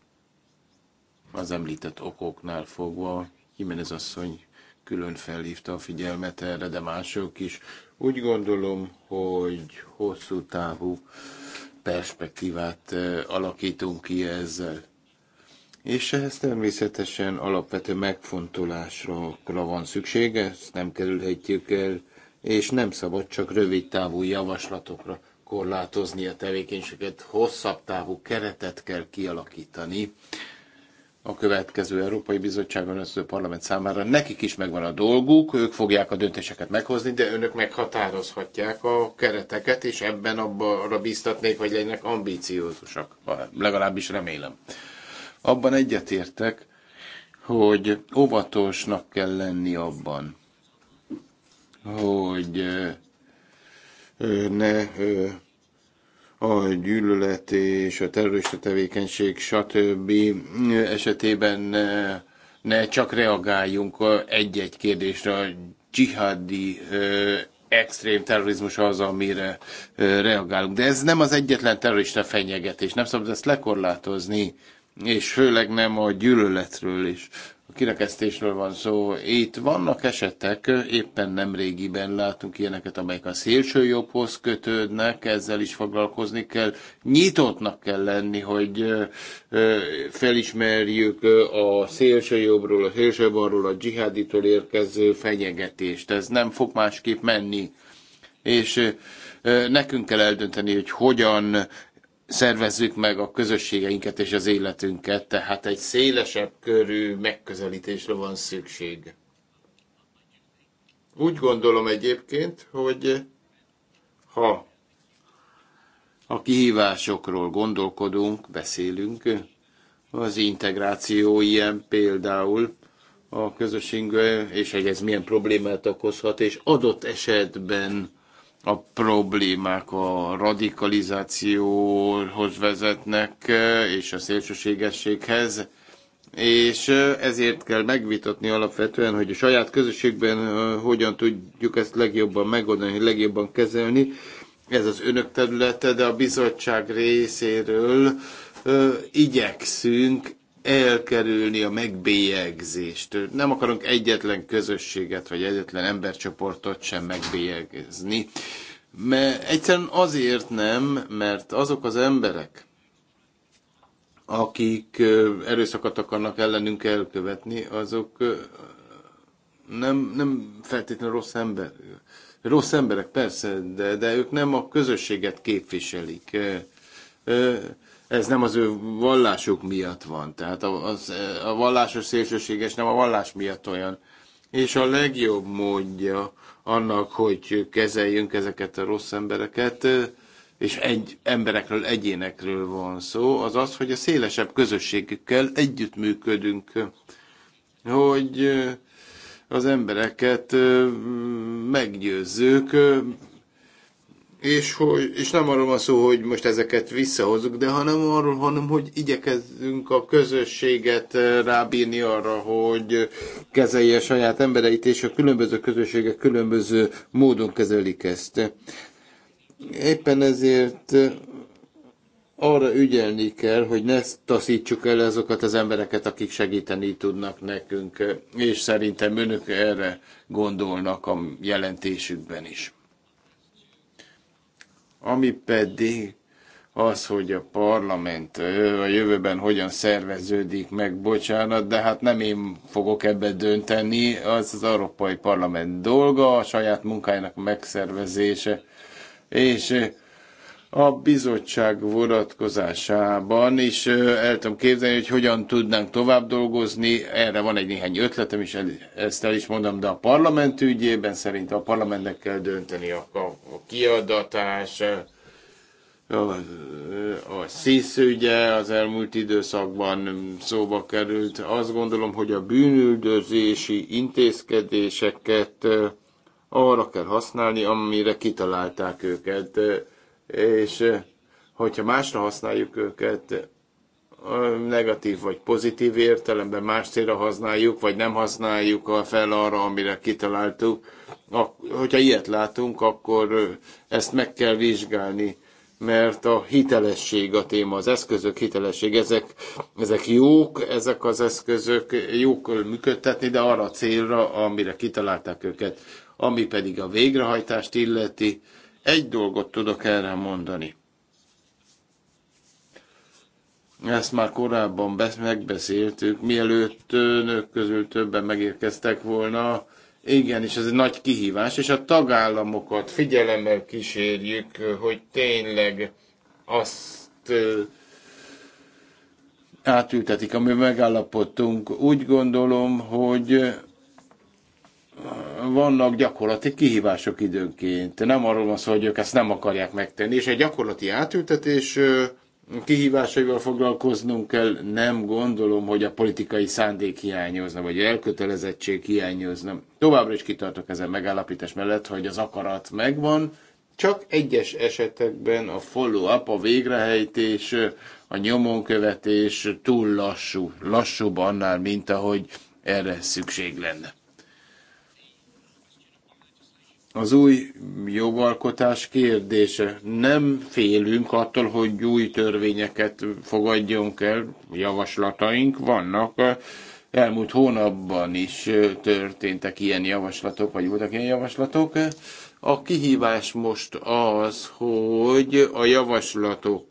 az említett okoknál fogva. Jimenez asszony külön felhívta a figyelmet erre, de mások is. Úgy gondolom, hogy hosszú távú perspektívát eh, alakítunk ki ezzel. És ehhez természetesen alapvető megfontolásra van szüksége, ezt nem kerülhetjük el, és nem szabad csak rövid távú javaslatokra korlátozni a tevékenységet, hosszabb távú keretet kell kialakítani a következő Európai Bizottságon össző parlament számára. Nekik is megvan a dolguk, ők fogják a döntéseket meghozni, de önök meghatározhatják a kereteket, és ebben abba, arra bíztatnék, hogy legyenek ambíciózusak. Legalábbis remélem. Abban egyetértek, hogy óvatosnak kell lenni abban, hogy ne a gyűlölet és a terrorista tevékenység, stb. esetében ne csak reagáljunk egy-egy kérdésre. A dzsihadi extrém terrorizmus az, amire reagálunk. De ez nem az egyetlen terrorista fenyegetés, nem szabad ezt lekorlátozni, és főleg nem a gyűlöletről is a kirekesztésről van szó. Itt vannak esetek, éppen nem régiben látunk ilyeneket, amelyek a szélső jobbhoz kötődnek, ezzel is foglalkozni kell. Nyitottnak kell lenni, hogy felismerjük a szélső jobbról, a szélső balról, a dzsiháditól érkező fenyegetést. Ez nem fog másképp menni. És nekünk kell eldönteni, hogy hogyan szervezzük meg a közösségeinket és az életünket, tehát egy szélesebb körű megközelítésre van szükség. Úgy gondolom egyébként, hogy ha a kihívásokról gondolkodunk, beszélünk, az integráció ilyen például a közösség, és hogy ez milyen problémát okozhat, és adott esetben a problémák a radikalizációhoz vezetnek, és a szélsőségességhez, és ezért kell megvitatni alapvetően, hogy a saját közösségben hogyan tudjuk ezt legjobban megoldani, legjobban kezelni. Ez az önök területe, de a bizottság részéről igyekszünk elkerülni a megbélyegzést. Nem akarunk egyetlen közösséget vagy egyetlen embercsoportot sem megbélyegezni. Mert egyszerűen azért nem, mert azok az emberek, akik erőszakot akarnak ellenünk elkövetni, azok nem, nem feltétlenül rossz ember. Rossz emberek, persze, de, de ők nem a közösséget képviselik ez nem az ő vallásuk miatt van. Tehát a, az, a vallásos szélsőséges nem a vallás miatt olyan. És a legjobb módja annak, hogy kezeljünk ezeket a rossz embereket, és egy emberekről, egyénekről van szó, az az, hogy a szélesebb közösségükkel együttműködünk, hogy az embereket meggyőzzük, és, hogy, és nem arról van szó, hogy most ezeket visszahozzuk, de hanem arról, hanem hogy igyekezzünk a közösséget eh, rábírni arra, hogy kezelje a saját embereit, és a különböző közösségek különböző módon kezelik ezt. Éppen ezért eh, arra ügyelni kell, hogy ne taszítsuk el azokat az embereket, akik segíteni tudnak nekünk, eh, és szerintem önök erre gondolnak a jelentésükben is ami pedig az, hogy a parlament a jövőben hogyan szerveződik meg, bocsánat, de hát nem én fogok ebbe dönteni, az az Európai Parlament dolga, a saját munkájának megszervezése, és a bizottság vonatkozásában is el tudom képzelni, hogy hogyan tudnánk tovább dolgozni. Erre van egy néhány ötletem, és ezt el is mondom, de a parlament ügyében szerint a parlamentnek kell dönteni a, a, a kiadatás, a, a SZISZ ügye az elmúlt időszakban szóba került. Azt gondolom, hogy a bűnüldözési intézkedéseket arra kell használni, amire kitalálták őket és hogyha másra használjuk őket, negatív vagy pozitív értelemben más célra használjuk, vagy nem használjuk fel arra, amire kitaláltuk, hogyha ilyet látunk, akkor ezt meg kell vizsgálni, mert a hitelesség a téma, az eszközök hitelesség, ezek, ezek jók, ezek az eszközök jók működtetni, de arra a célra, amire kitalálták őket, ami pedig a végrehajtást illeti, egy dolgot tudok erre mondani. Ezt már korábban megbeszéltük, mielőtt nők közül többen megérkeztek volna. Igen, és ez egy nagy kihívás, és a tagállamokat figyelemmel kísérjük, hogy tényleg azt átültetik, ami megállapodtunk. Úgy gondolom, hogy vannak gyakorlati kihívások időnként. Nem arról van szó, hogy ők ezt nem akarják megtenni, és egy gyakorlati átültetés kihívásaival foglalkoznunk kell. Nem gondolom, hogy a politikai szándék hiányozna, vagy elkötelezettség hiányozna. Továbbra is kitartok ezen megállapítás mellett, hogy az akarat megvan, csak egyes esetekben a follow-up, a végrehejtés, a nyomonkövetés túl lassú, lassúbb annál, mint ahogy erre szükség lenne. Az új jogalkotás kérdése. Nem félünk attól, hogy új törvényeket fogadjunk el, javaslataink vannak. Elmúlt hónapban is történtek ilyen javaslatok, vagy voltak ilyen javaslatok. A kihívás most az, hogy a javaslatok,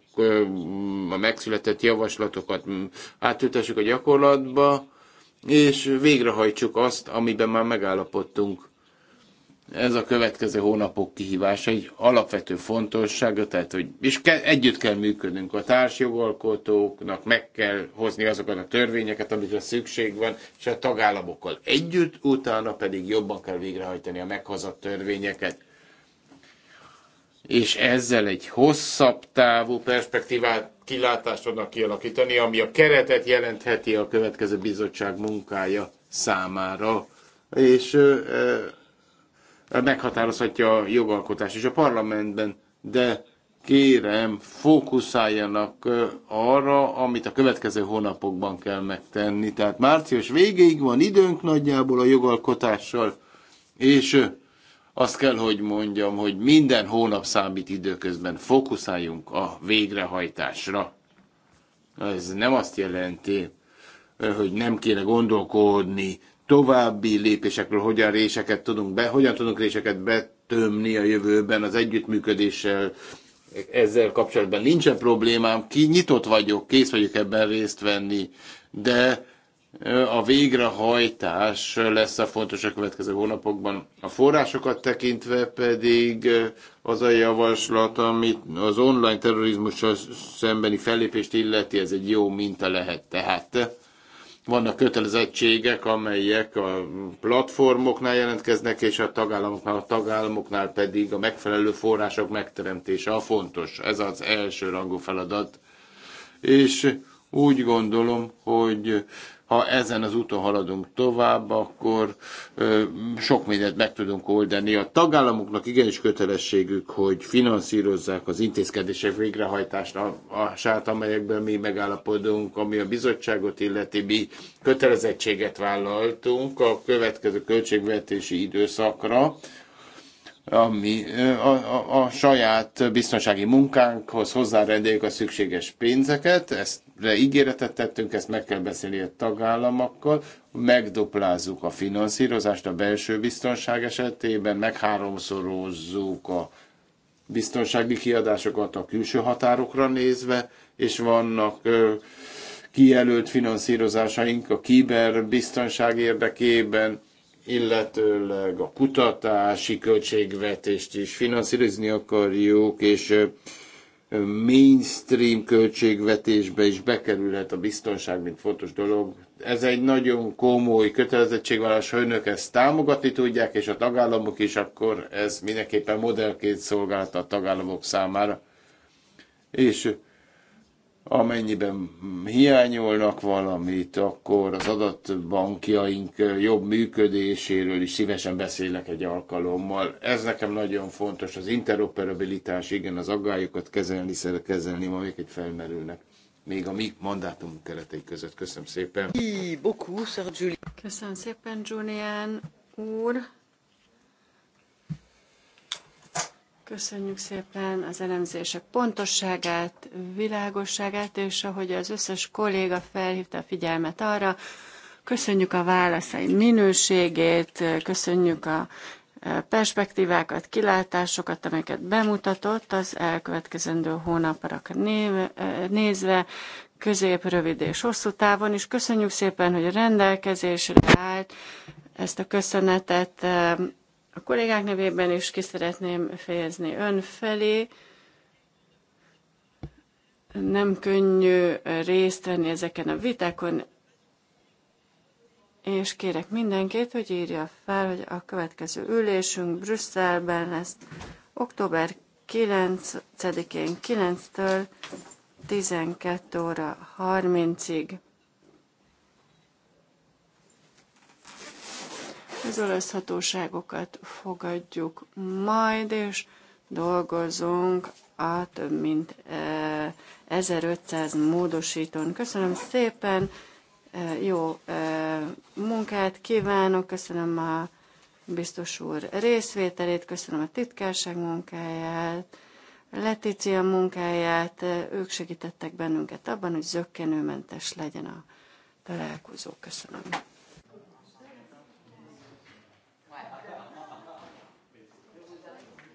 a megszületett javaslatokat átültessük a gyakorlatba, és végrehajtsuk azt, amiben már megállapodtunk ez a következő hónapok kihívása egy alapvető fontossága, tehát hogy és ke, együtt kell működnünk a társjogalkotóknak, meg kell hozni azokat a törvényeket, amikre szükség van, és a tagállamokkal együtt, utána pedig jobban kell végrehajtani a meghozott törvényeket. És ezzel egy hosszabb távú perspektívát, kilátást tudnak kialakítani, ami a keretet jelentheti a következő bizottság munkája számára. És meghatározhatja a jogalkotás és a parlamentben, de kérem, fókuszáljanak arra, amit a következő hónapokban kell megtenni. Tehát március végéig van időnk nagyjából a jogalkotással, és azt kell, hogy mondjam, hogy minden hónap számít időközben. Fókuszáljunk a végrehajtásra. Ez nem azt jelenti, hogy nem kéne gondolkodni további lépésekről, hogyan réseket tudunk be, hogyan tudunk réseket betömni a jövőben az együttműködéssel, ezzel kapcsolatban nincsen problémám, ki nyitott vagyok, kész vagyok ebben részt venni, de a végrehajtás lesz a fontos a következő hónapokban. A forrásokat tekintve pedig az a javaslat, amit az online terrorizmussal szembeni fellépést illeti, ez egy jó minta lehet. Tehát vannak kötelezettségek, amelyek a platformoknál jelentkeznek, és a tagállamoknál, a tagállamoknál pedig a megfelelő források megteremtése a fontos. Ez az első rangú feladat. És úgy gondolom, hogy ha ezen az úton haladunk tovább, akkor ö, sok mindent meg tudunk oldani. A tagállamoknak igenis kötelességük, hogy finanszírozzák az intézkedések sát, amelyekben mi megállapodunk, ami a bizottságot illeti, mi kötelezettséget vállaltunk a következő költségvetési időszakra, ami a, a, a saját biztonsági munkánkhoz hozzárendeljük a szükséges pénzeket, ezt re ígéretet tettünk, ezt meg kell beszélni a tagállamokkal, megduplázzuk a finanszírozást a belső biztonság esetében, megháromszorozzuk a biztonsági kiadásokat a külső határokra nézve, és vannak ö, kijelölt finanszírozásaink a kiberbiztonság érdekében, illetőleg a kutatási költségvetést is finanszírozni akarjuk, és mainstream költségvetésbe is bekerülhet a biztonság, mint fontos dolog. Ez egy nagyon komoly kötelezettségvállalás, ha önök ezt támogatni tudják, és a tagállamok is, akkor ez mindenképpen modellként szolgálta a tagállamok számára. És amennyiben hiányolnak valamit, akkor az adatbankjaink jobb működéséről is szívesen beszélek egy alkalommal. Ez nekem nagyon fontos, az interoperabilitás, igen, az aggályokat kezelni, szere kezelni, még egy felmerülnek. Még a mi mandátum keretei között. Köszönöm szépen. Köszönöm szépen, Julian úr. Köszönjük szépen az elemzések pontosságát, világosságát, és ahogy az összes kolléga felhívta a figyelmet arra, köszönjük a válaszai minőségét, köszönjük a e, perspektívákat, kilátásokat, amelyeket bemutatott az elkövetkezendő hónapra e, nézve, közép, rövid és hosszú távon is. Köszönjük szépen, hogy a rendelkezésre állt ezt a köszönetet e, a kollégák nevében is ki szeretném fejezni ön felé. Nem könnyű részt venni ezeken a vitákon, és kérek mindenkit, hogy írja fel, hogy a következő ülésünk Brüsszelben lesz október 9-én 9-től 12 óra 30-ig. az olasz hatóságokat fogadjuk majd, és dolgozunk a több mint 1500 e, módosítón. Köszönöm szépen, e, jó e, munkát kívánok, köszönöm a biztos úr részvételét, köszönöm a titkárság munkáját, Letícia munkáját, ők segítettek bennünket abban, hogy zöggenőmentes legyen a találkozó. Köszönöm.